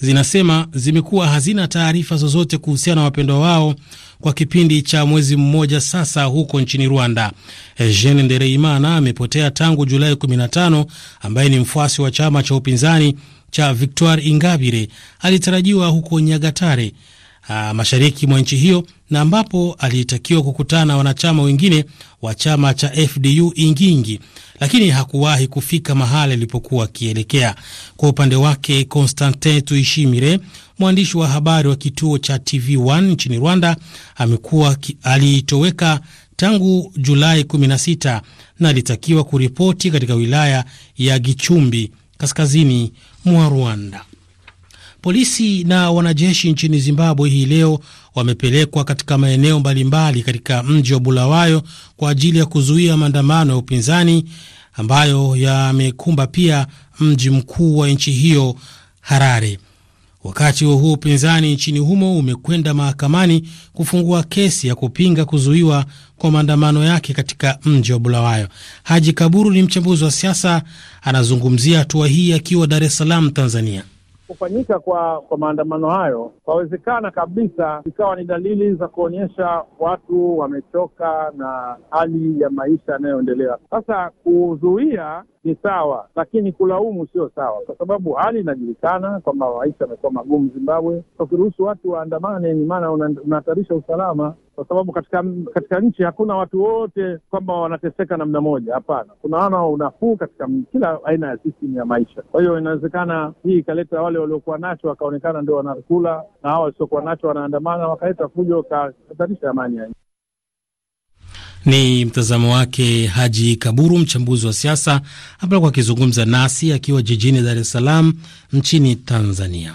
zinasema zimekuwa hazina taarifa zozote kuhusiana na wapendwa wao kwa kipindi cha mwezi mmoja sasa huko nchini Rwanda. Eugene eh, Ndereimana amepotea tangu Julai 15, ambaye ni mfuasi wa chama cha upinzani cha Victoire Ingabire. Alitarajiwa huko Nyagatare uh, mashariki mwa nchi hiyo na ambapo alitakiwa kukutana na wanachama wengine wa chama cha FDU Ingingi, lakini hakuwahi kufika mahali alipokuwa akielekea. Kwa upande wake, Constantin Tuishimire, mwandishi wa habari wa kituo cha TV1 nchini Rwanda, amekuwa alitoweka tangu Julai 16 na alitakiwa kuripoti katika wilaya ya Gichumbi kaskazini mwa Rwanda. Polisi na wanajeshi nchini Zimbabwe hii leo wamepelekwa katika maeneo mbalimbali katika mji wa Bulawayo kwa ajili ya kuzuia maandamano ya upinzani ambayo yamekumba pia mji mkuu wa nchi hiyo Harare. Wakati huo huo, upinzani nchini humo umekwenda mahakamani kufungua kesi ya kupinga kuzuiwa kwa maandamano yake katika mji wa Bulawayo. Haji Kaburu ni mchambuzi wa siasa, anazungumzia hatua hii akiwa Dar es Salaam, Tanzania kufanyika kwa kwa maandamano hayo kwawezekana kabisa ikawa ni dalili za kuonyesha watu wamechoka na hali ya maisha yanayoendelea sasa. Kuzuia ni sawa, lakini kulaumu sio sawa, kwa sababu hali inajulikana kwamba maisha amekuwa magumu Zimbabwe. Ukiruhusu watu waandamane, ni maana unahatarisha usalama kwa sababu katika katika nchi hakuna watu wote kwamba wanateseka namna moja. Hapana, kuna wana unafuu katika kila aina ya system ya maisha. Kwa hiyo inawezekana hii ikaleta wale waliokuwa nacho wakaonekana ndio wanakula, na hawa wasiokuwa nacho wanaandamana, wakaleta fujo, wakahatarisha amani ya nchi. Ni mtazamo wake Haji Kaburu, mchambuzi wa siasa, ambapo akizungumza nasi akiwa jijini Dar es Salaam nchini Tanzania.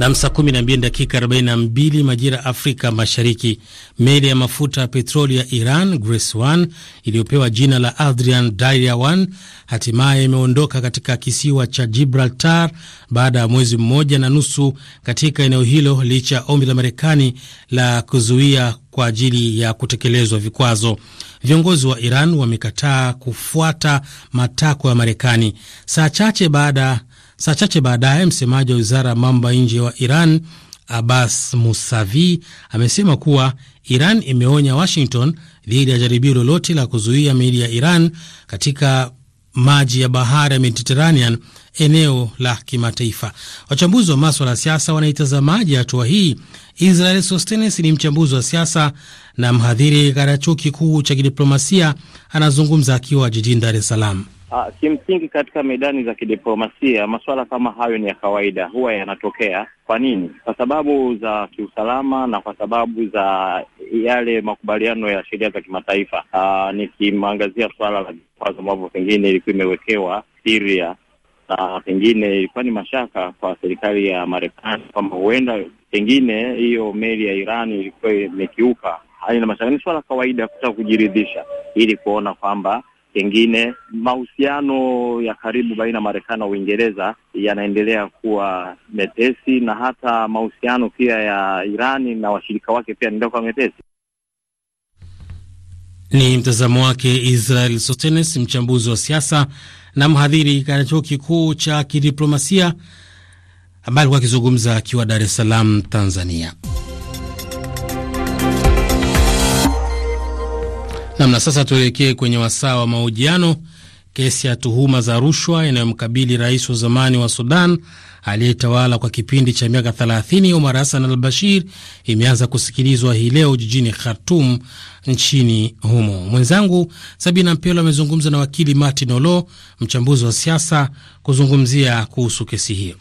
na saa 12 dakika 42 majira Afrika Mashariki. Meli ya mafuta ya petroli ya Iran Grace 1 iliyopewa jina la Adrian Daria 1 hatimaye imeondoka katika kisiwa cha Gibraltar baada ya mwezi mmoja na nusu katika eneo hilo, licha ya ombi la Marekani la kuzuia kwa ajili ya kutekelezwa vikwazo. Viongozi wa Iran wamekataa kufuata matakwa ya Marekani saa chache baada Saa chache baadaye, msemaji wa wizara ya mambo ya nje wa Iran Abbas Musavi amesema kuwa Iran imeonya Washington dhidi ya jaribio lolote la kuzuia meli ya Iran katika maji ya bahari ya Mediterranean, eneo la kimataifa. Wachambuzi wa maswala ya siasa wanaitazamaji hatua hii. Israel Sostenes ni mchambuzi wa siasa na mhadhiri katika chuo kikuu cha kidiplomasia, anazungumza akiwa jijini Dar es Salaam. Ah, kimsingi katika medani za kidiplomasia masuala kama hayo ni ya kawaida, huwa yanatokea. Kwa nini? Kwa sababu za kiusalama na kwa sababu za yale makubaliano ya sheria za kimataifa. Uh, ah, nikimwangazia suala la vikwazo ambavyo pengine ilikuwa imewekewa siria na pengine ilikuwa ni mashaka kwa serikali ya Marekani kwamba huenda pengine hiyo meli ya Iran ilikuwa imekiuka hali na mashaka. Ni suala kawaida kutaka kujiridhisha ili kuona kwamba pengine mahusiano ya karibu baina ya Marekani na Uingereza yanaendelea kuwa mepesi, na hata mahusiano pia ya Irani na washirika wake pia yanaendelea kuwa mepesi. Ni mtazamo wake Israel Sotenes, mchambuzi wa siasa na mhadhiri katika chuo kikuu cha kidiplomasia ambaye alikuwa akizungumza akiwa Dar es Salaam, Tanzania. Namna sasa, tuelekee kwenye wasaa wa mahojiano. Kesi ya tuhuma za rushwa inayomkabili rais wa zamani wa Sudan aliyetawala kwa kipindi cha miaka 30 Omar Hassan al Bashir imeanza kusikilizwa hii leo jijini Khartum nchini humo. Mwenzangu Sabina Mpelo amezungumza na wakili Martin Olo, mchambuzi wa siasa, kuzungumzia kuhusu kesi hiyo.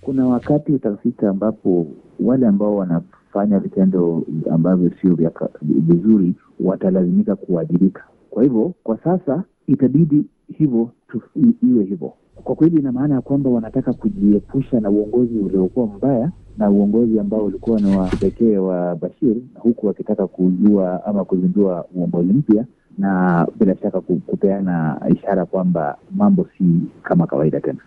Kuna wakati utafika ambapo wale ambao wana wakifanya vitendo ambavyo sio vizuri, watalazimika kuajirika Kwa hivyo kwa sasa itabidi hivyo iwe hivyo. Kwa kweli, ina maana ya kwamba wanataka kujiepusha na uongozi uliokuwa mbaya na uongozi ambao ulikuwa ni wa pekee wa Bashir, na huku wakitaka kujua ama kuzindua uongozi mpya na bila shaka kupeana ishara kwamba mambo si kama kawaida tena.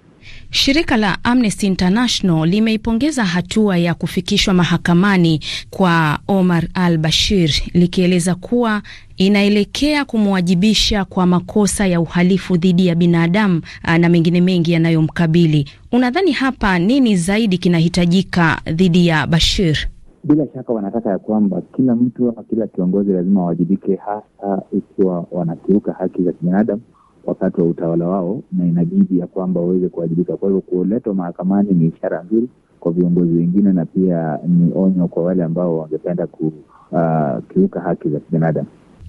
Shirika la Amnesty International limeipongeza hatua ya kufikishwa mahakamani kwa Omar al-Bashir likieleza kuwa inaelekea kumwajibisha kwa makosa ya uhalifu dhidi ya binadamu na mengine mengi yanayomkabili. Unadhani hapa nini zaidi kinahitajika dhidi ya Bashir? Bila shaka wanataka ya kwamba kila mtu ama kila kiongozi lazima wawajibike, hasa ikiwa wanakiuka haki za kibinadamu wakati wa utawala wao, na inabidi ya kwamba waweze kuwajibika. Kwa hivyo kuletwa mahakamani ni ishara nzuri kwa viongozi wengine na pia ni onyo kwa wale ambao wangependa kukiuka uh, haki za kibinadamu.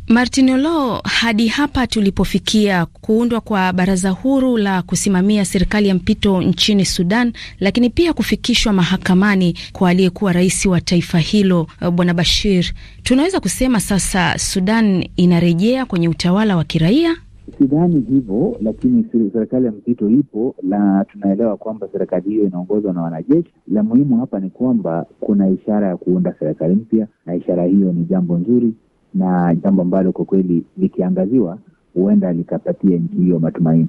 Martin Olo, hadi hapa tulipofikia kuundwa kwa baraza huru la kusimamia serikali ya mpito nchini Sudan, lakini pia kufikishwa mahakamani kwa aliyekuwa rais wa taifa hilo eh, bwana Bashir, tunaweza kusema sasa Sudan inarejea kwenye utawala wa kiraia? Sidhani hivyo, lakini serikali ya mpito ipo na tunaelewa kwamba serikali hiyo inaongozwa na wanajeshi. La muhimu hapa ni kwamba kuna ishara ya kuunda serikali mpya, na ishara hiyo ni jambo nzuri na jambo ambalo kwa kweli likiangaziwa huenda likapatia nchi hiyo matumaini.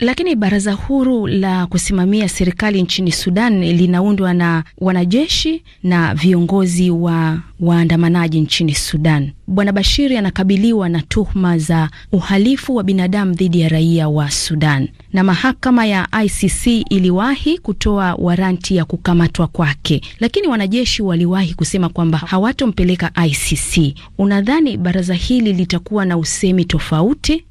Lakini baraza huru la kusimamia serikali nchini Sudan linaundwa na wanajeshi na viongozi wa waandamanaji nchini Sudan. Bwana Bashiri anakabiliwa na tuhuma za uhalifu wa binadamu dhidi ya raia wa Sudan, na mahakama ya ICC iliwahi kutoa waranti ya kukamatwa kwake, lakini wanajeshi waliwahi kusema kwamba hawatompeleka ICC. Unadhani baraza hili litakuwa na usemi tofauti?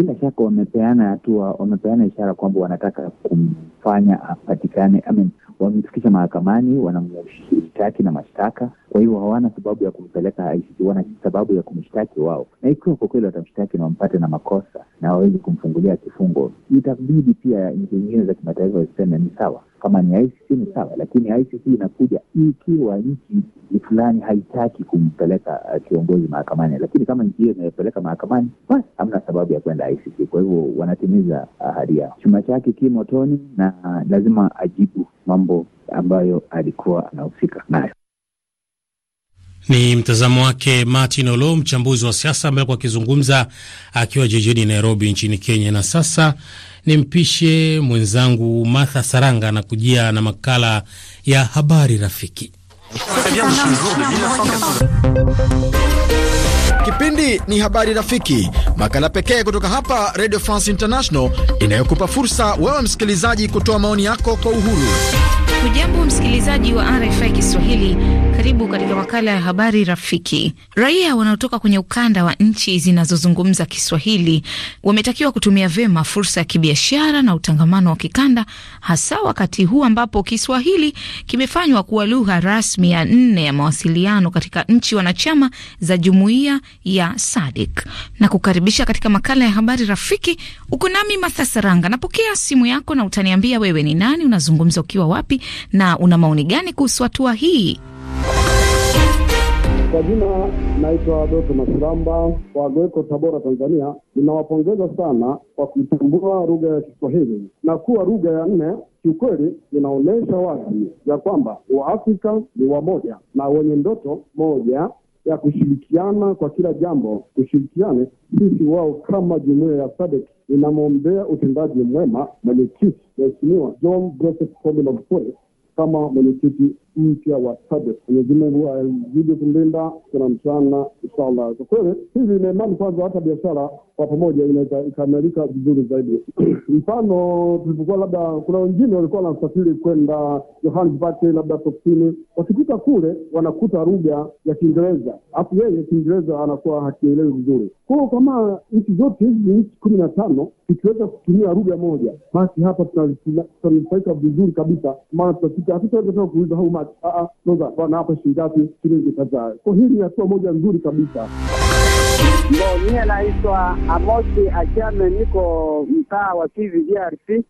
bila shaka wamepeana hatua, wamepeana ishara kwamba wanataka kumfanya apatikane, I mean, wamemfikisha mahakamani, wanamshitaki na mashtaka. Kwa hivyo hawana sababu ya kumpeleka ICC, wana sababu ya kumshtaki wao, na ikiwa kwa kweli watamshtaki na wampate na makosa na waweze kumfungulia kifungo, itabidi pia nchi nyingine za kimataifa ziseme ni sawa, kama ni ICC ni sawa, lakini ICC inakuja ikiwa nchi fulani haitaki kumpeleka uh, kiongozi mahakamani, lakini kama nchi hiyo inayopeleka mahakamani, basi hamna sababu ya kwenda ICC. Kwa hivyo wanatimiza ahadi yao. Chuma chake ki motoni, na lazima ajibu mambo ambayo alikuwa anahusika nayo. Ni mtazamo wake Martin Olo, mchambuzi wa siasa ambaye alikuwa akizungumza akiwa jijini Nairobi nchini Kenya. Na sasa nimpishe mwenzangu Martha Saranga na kujia na makala ya habari rafiki Kipindi ni Habari Rafiki, makala pekee kutoka hapa Radio France International inayokupa fursa wewe msikilizaji kutoa maoni yako kwa uhuru. Hujambo msikilizaji wa RFI Kiswahili, karibu katika makala ya Habari Rafiki. Raia wanaotoka kwenye ukanda wa nchi zinazozungumza Kiswahili wametakiwa kutumia vyema fursa ya kibiashara na utangamano wa kikanda, hasa wakati huu ambapo Kiswahili kimefanywa kuwa lugha rasmi ya nne ya mawasiliano katika nchi wanachama za jumuiya ya Sadik na kukaribisha katika makala ya habari rafiki. Uko nami Matha Saranga, napokea simu yako na utaniambia wewe ni nani, unazungumza ukiwa wapi na una maoni gani kuhusu hatua hii? Kwa jina naitwa Doto Masilamba wa Goeko, Tabora, Tanzania. Ninawapongeza sana kwa kuitambua lugha ya Kiswahili na kuwa lugha ya nne. Kiukweli inaonyesha wazi ya kwamba Waafrika ni wamoja na wenye ndoto moja ya kushirikiana kwa kila jambo, tushirikiane sisi wao kama jumuiya ya SADC. Inamwombea utendaji mwema mwenyekiti Mheshimiwa John Joseph Pombe Magufuli kama mwenyekiti mpya wa SADC. Mwenyezi Mungu azidi kumlinda tena mchana inshallah. Kwa kweli hivi inaimani kwanza, hata biashara kwa pamoja inaweza ikamilika vizuri zaidi. [clears throat] Mfano tulipokuwa labda, kuna wengine walikuwa wanasafiri kwenda Johannesburg, labda Sokoine, wakifika kule wanakuta lugha ya Kiingereza afu yeye Kiingereza anakuwa hakielewi vizuri. Kwao kama nchi zote hizi nchi kumi na tano tukiweza kutumia lugha moja, basi hapa tunanufaika vizuri kabisa, maana tutafika hatutaweza tena kuuliza hau kama ah, ah, wanawako shingapi shilingi kadhaa. Kwa hili ni hatua moja nzuri kabisa. Mie naitwa Amosi Achame, niko mtaa wa Kivi DRC,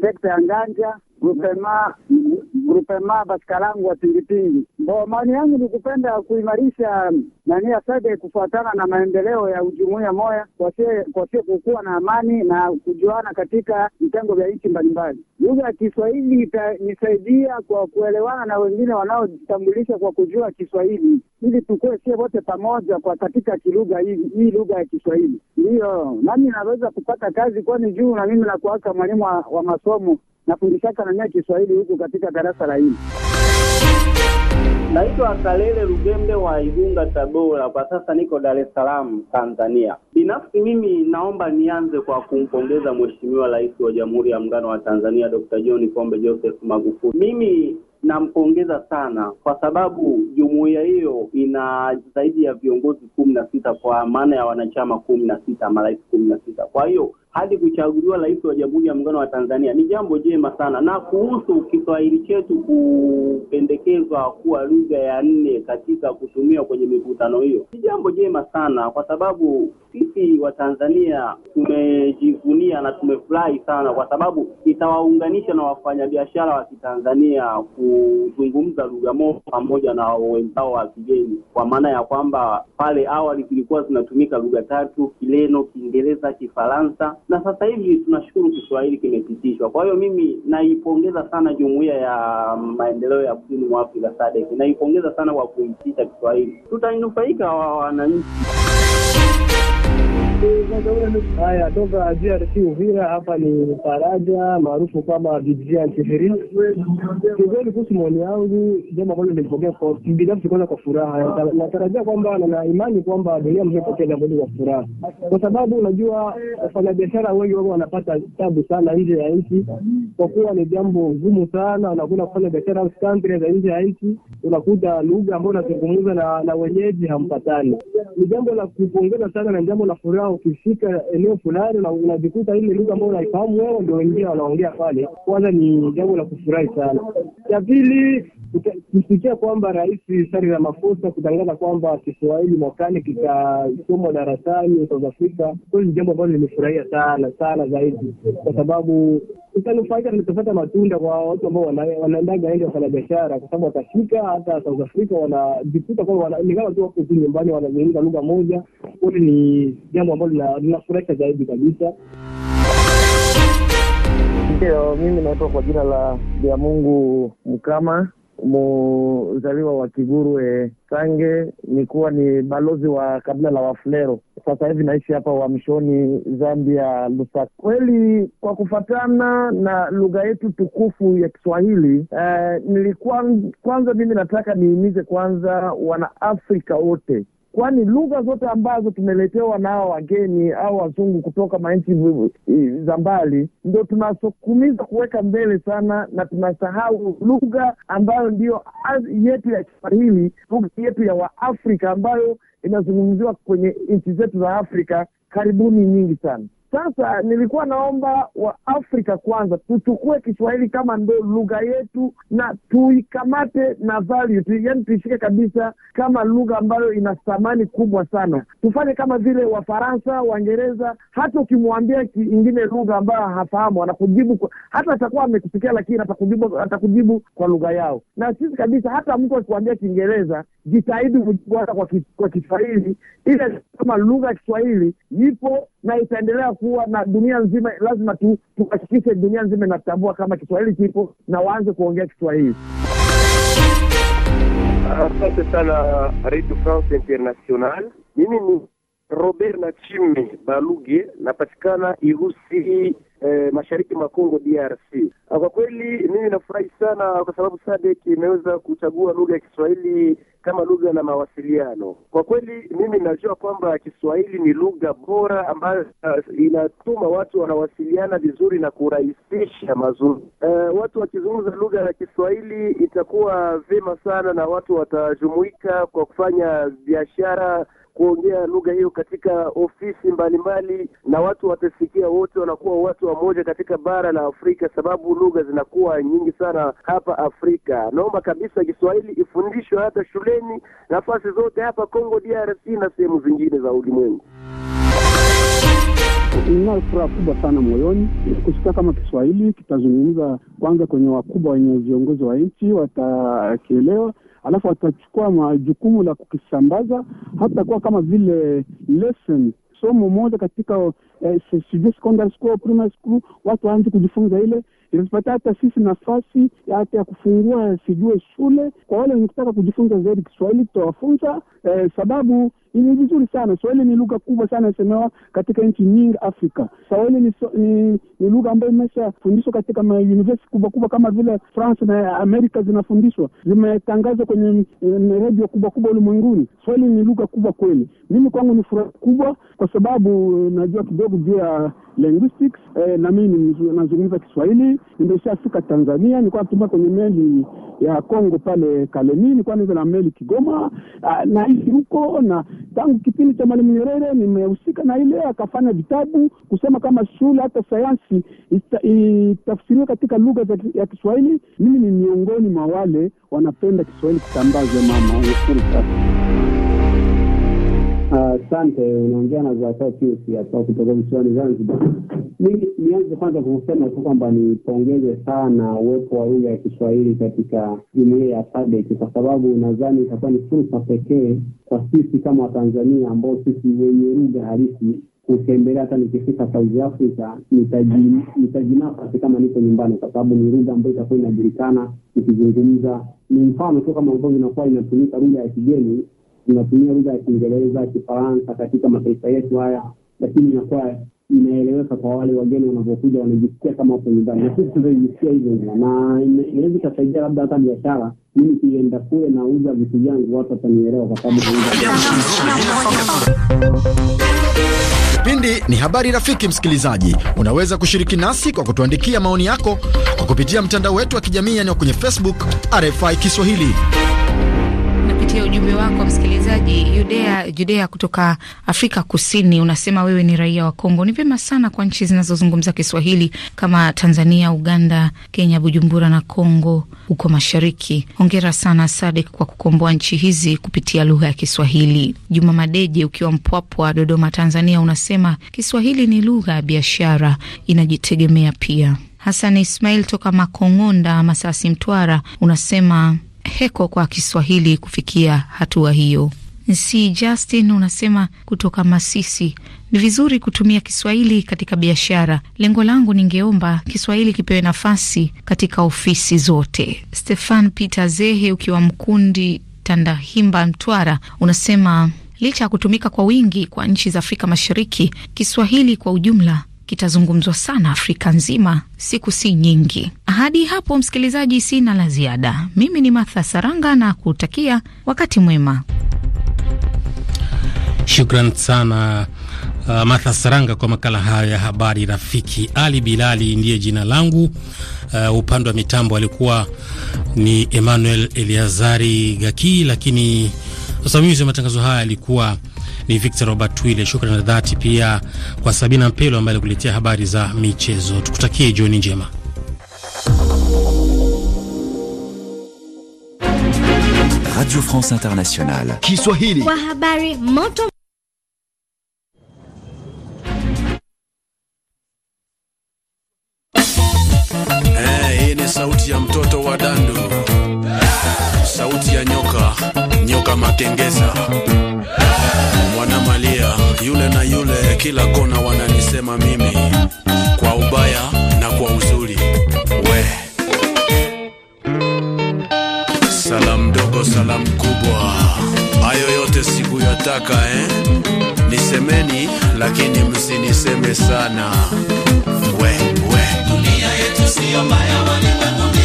sekta ya Nganja grupema grupema Basikalangu wa Tingitingi. Bo, maoni yangu ni kupenda kuimarisha nani ya kufuatana na maendeleo ya ujumuiya moya, kwa sio kukuwa na amani na kujuana katika vitengo vya nchi mbalimbali. Lugha ya Kiswahili itanisaidia kwa kuelewana na wengine wanaojitambulisha kwa kujua Kiswahili, ili tukue sie wote pamoja kwa katika kilugha hii hii lugha ya Kiswahili. Ndiyo nami naweza kupata kazi, kwani juu na mimi nakuaka mwalimu wa, wa masomo nafundishaka na kuchanganya Kiswahili huku katika darasa la hili. Naitwa Kalele rugembe wa Igunga, Tabora. Kwa sasa niko Dar es Salaam, Tanzania. Binafsi mimi naomba nianze kwa kumpongeza Mheshimiwa Rais wa Jamhuri ya Muungano wa Tanzania Dr. John Pombe Joseph Magufuli. Mimi nampongeza sana kwa sababu jumuiya hiyo ina zaidi ya viongozi kumi na sita kwa maana ya wanachama kumi na sita marais kumi na sita Kwa hiyo hadi kuchaguliwa rais wa Jamhuri ya Muungano wa Tanzania ni jambo jema sana. Na kuhusu Kiswahili chetu kupendekezwa kuwa lugha ya nne katika kutumiwa kwenye mikutano hiyo, ni jambo jema sana, kwa sababu sisi Watanzania tumejivunia na tumefurahi sana, kwa sababu itawaunganisha na wafanyabiashara wa Kitanzania kuzungumza lugha moja pamoja na wenzao wa kigeni, kwa maana ya kwamba pale awali zilikuwa zinatumika lugha tatu: kileno Kiingereza, Kifaransa, na sasa hivi tunashukuru Kiswahili kimepitishwa. Kwa hiyo mimi naipongeza sana jumuiya ya mm, maendeleo ya kusini mwa Afrika SADC, naipongeza sana kwa kuitisha Kiswahili, tutainufaika wananchi. Haya, toka DRC Uvira, hapa ni Faraja maarufu kama Vijiantiiri. Kiukweli, kuhusu maoni yangu, jambo ambalo nilipokea kwa binafsi, kwanza kwa furaha. Natarajia kwamba na imani kwamba dunia mzima jambo hili kwa furaha, kwa sababu unajua wafanyabiashara wengi wao wanapata tabu sana nje ya nchi, kwa kuwa ni jambo ngumu sana. Unakwenda kufanya biashara country za nje ya nchi, unakuta lugha ambayo unazungumza na wenyeji hampatani. Ni jambo la kupongeza sana na jambo la furaha ukifika eneo fulani na unajikuta ile lugha ambayo unaifahamu wewe ndio wengine wanaongea pale, kwanza ni jambo la kufurahi sana. Cha pili kusikia kwamba Rais Cyril Ramaphosa kutangaza kwamba Kiswahili mwakani kitasomwa darasani South Africa, kweli ni jambo ambalo limefurahia sana sana zaidi, kwa sababu itanufaika ni kutapata matunda kwa watu ambao wanaendaga nje wafanya biashara, kwa sababu watafika hata South Africa wanajikuta kwamba ni kama tu wako tu nyumbani, wanazungumza lugha moja. Kweli ni jambo ambalo linafurahisha zaidi kabisa. Ndio, mimi naitwa kwa jina la Mungu Mkama mzaliwa wa Kigurwe Sange, nikuwa ni balozi wa kabila la Wafulero. Sasa hivi naishi hapa uhamishoni Zambia, Lusaka. Kweli, kwa kufatana na lugha yetu tukufu ya Kiswahili eh, nilikuwa kwanza, mimi nataka niimize kwanza wanaafrika wote kwani lugha zote ambazo tumeletewa na hawa wageni au wazungu kutoka manchi za mbali ndo tunasukumiza kuweka mbele sana, na tunasahau lugha ambayo ndiyo yetu ya Kiswahili, lugha yetu ya Waafrika ambayo inazungumziwa kwenye nchi zetu za Afrika karibuni nyingi sana. Sasa nilikuwa naomba wa Afrika kwanza tuchukue Kiswahili kama ndo lugha yetu na tuikamate na value tu, yani tuishike kabisa kama lugha ambayo ina thamani kubwa sana. Tufanye kama vile Wafaransa, Waingereza, hata ukimwambia ingine lugha ambayo hafahamu anakujibu hata atakuwa amekusikia lakini atakujibu, atakujibu kwa lugha yao. Na sisi kabisa, hata mtu akikuambia Kiingereza jitahidi kujibu hata kwa Kiswahili, ile kama lugha ya Kiswahili ipo na itaendelea kuwa na dunia nzima. Lazima tu tuhakikishe dunia nzima inatambua kama Kiswahili kipo na waanze kuongea Kiswahili. Asante sana Radio France International. Mimi ni Robert Nachime Baluge, napatikana Irusi e, mashariki mwa Kongo DRC. Ah, kwa kweli mimi nafurahi sana kwa sababu SADC imeweza kuchagua lugha ya Kiswahili kama lugha la mawasiliano. Kwa kweli mimi najua kwamba Kiswahili ni lugha bora ambayo uh, inatuma watu wanawasiliana vizuri na kurahisisha mazungumzo. Uh, watu wakizungumza lugha ya Kiswahili itakuwa vema sana na watu watajumuika kwa kufanya biashara kuongea lugha hiyo katika ofisi mbalimbali mbali, na watu watasikia wote wanakuwa watu wamoja katika bara la Afrika, sababu lugha zinakuwa nyingi sana hapa Afrika. Naomba kabisa Kiswahili ifundishwe hata shuleni nafasi zote hapa Kongo DRC na sehemu zingine za ulimwengu. Ninayo furaha kubwa sana moyoni kusikia kama Kiswahili kitazungumza kwanza kwenye wakubwa wenye viongozi wa nchi, watakielewa alafu atachukua majukumu la kukisambaza, hata kuwa kama vile lesson somo moja katika eh, sijui secondary school, primary school, watu waanze kujifunza ile. Inatupatia hata sisi nafasi hata ya kufungua sijue shule kwa wale wenye kutaka kujifunza zaidi Kiswahili, tutawafunza eh, sababu ni vizuri sana Swahili ni lugha kubwa sana inasemewa katika nchi nyingi Afrika. Swahili ni, so, ni, ni lugha ambayo imeshafundishwa katika university kubwa kubwa kama vile France na Amerika zinafundishwa, zimetangazwa kwenye eh, redio kubwa kubwa ulimwenguni. Swahili ni lugha kubwa kweli. Mimi kwangu ni furaha kubwa, kwa sababu eh, najua kidogo juu ya linguistics eh, na mimi nazungumza Kiswahili. Nimeshafika Tanzania, nilikuwa natumia kwenye meli ya Kongo pale Kalemi, nilikuwa niza na meli Kigoma ah, na huko, na tangu kipindi cha Mwalimu Nyerere nimehusika na ile, akafanya vitabu kusema kama shule hata sayansi itafsiriwe katika lugha ya Kiswahili. Mimi ni miongoni mwa wale wanapenda Kiswahili kutambazwa mama fursa Asante. Uh, unaongea na hapa kutoka visiwani Zanzibar. Mimi nianze kwanza kusema tu kwamba nipongeze sana uwepo wa lugha ya Kiswahili katika jumuia ya SADC kwa sababu nadhani itakuwa ni fursa pekee kwa sisi kama Watanzania ambao sisi wenye lugha halisi kutembelea. Hata nikifika South Africa nitajinafasi kama niko nyumbani, kwa sababu ni lugha ambayo itakuwa inajulikana. Nikizungumza ni mfano tu kama ambavyo inakuwa inatumika lugha ya kigeni tunatumia lugha ya Kiingereza, Kifaransa katika mataifa yetu haya, lakini inakuwa inaeleweka kwa wale wageni wanavyokuja, wanajisikia kama wapo nyumbani, na sisi tunajisikia hivyo hivyo, na inaweza ikasaidia labda hata biashara. Mimi kienda kule nauza vitu vyangu, watu watanielewa kwa sababu Kipindi ni habari rafiki. Msikilizaji, unaweza kushiriki nasi kwa kutuandikia maoni yako kwa kupitia mtandao wetu wa kijamii, yani kwenye Facebook RFI Kiswahili kupitia ujumbe wako msikilizaji Judea Judea kutoka Afrika Kusini, unasema wewe ni raia wa Kongo. Ni vyema sana kwa nchi zinazozungumza Kiswahili kama Tanzania, Uganda, Kenya, Bujumbura na Kongo huko mashariki. Hongera sana sadik kwa kukomboa nchi hizi kupitia lugha ya Kiswahili. Juma Madeje ukiwa Mpwapwa, Dodoma, Tanzania, unasema Kiswahili ni lugha ya biashara, inajitegemea pia. Hassan Ismail toka Makongonda, Masasi, Mtwara, unasema heko kwa Kiswahili kufikia hatua hiyo. Nsi Justin unasema kutoka Masisi, ni vizuri kutumia Kiswahili katika biashara. Lengo langu, ningeomba Kiswahili kipewe nafasi katika ofisi zote. Stefan Peter Zehe, ukiwa Mkundi Tandahimba, Mtwara, unasema licha ya kutumika kwa wingi kwa nchi za Afrika Mashariki, Kiswahili kwa ujumla kitazungumzwa sana Afrika nzima, siku si nyingi. Hadi hapo, msikilizaji, sina la ziada. Mimi ni Martha Saranga na kutakia wakati mwema. Shukran sana uh, Martha Saranga kwa makala hayo ya habari rafiki. Ali Bilali ndiye jina langu. Uh, upande wa mitambo alikuwa ni Emmanuel Eliazari Gaki, lakini msimamizi wa matangazo haya alikuwa ni Victor Robert Twile. Shukrani na dhati pia kwa Sabina Mpelo ambaye alikuletea habari za michezo. Tukutakie jioni njema. Radio France Internationale Kiswahili, kwa habari moto eh, Sauti ya mtoto wa dandu, sauti ya nyoka, nyoka makengeza. kila kona wananisema mimi kwa ubaya na kwa uzuri we salamu ndogo salamu kubwa hayo yote sikuyataka eh? nisemeni lakini msiniseme sana we, we. Dunia yetu siyo mbaya walimwengu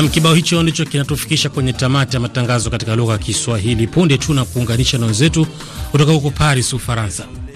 Nam, kibao hicho ndicho kinatufikisha kwenye tamati ya matangazo katika lugha ya Kiswahili. Punde tu na kuunganisha na wenzetu kutoka huko Paris, Ufaransa.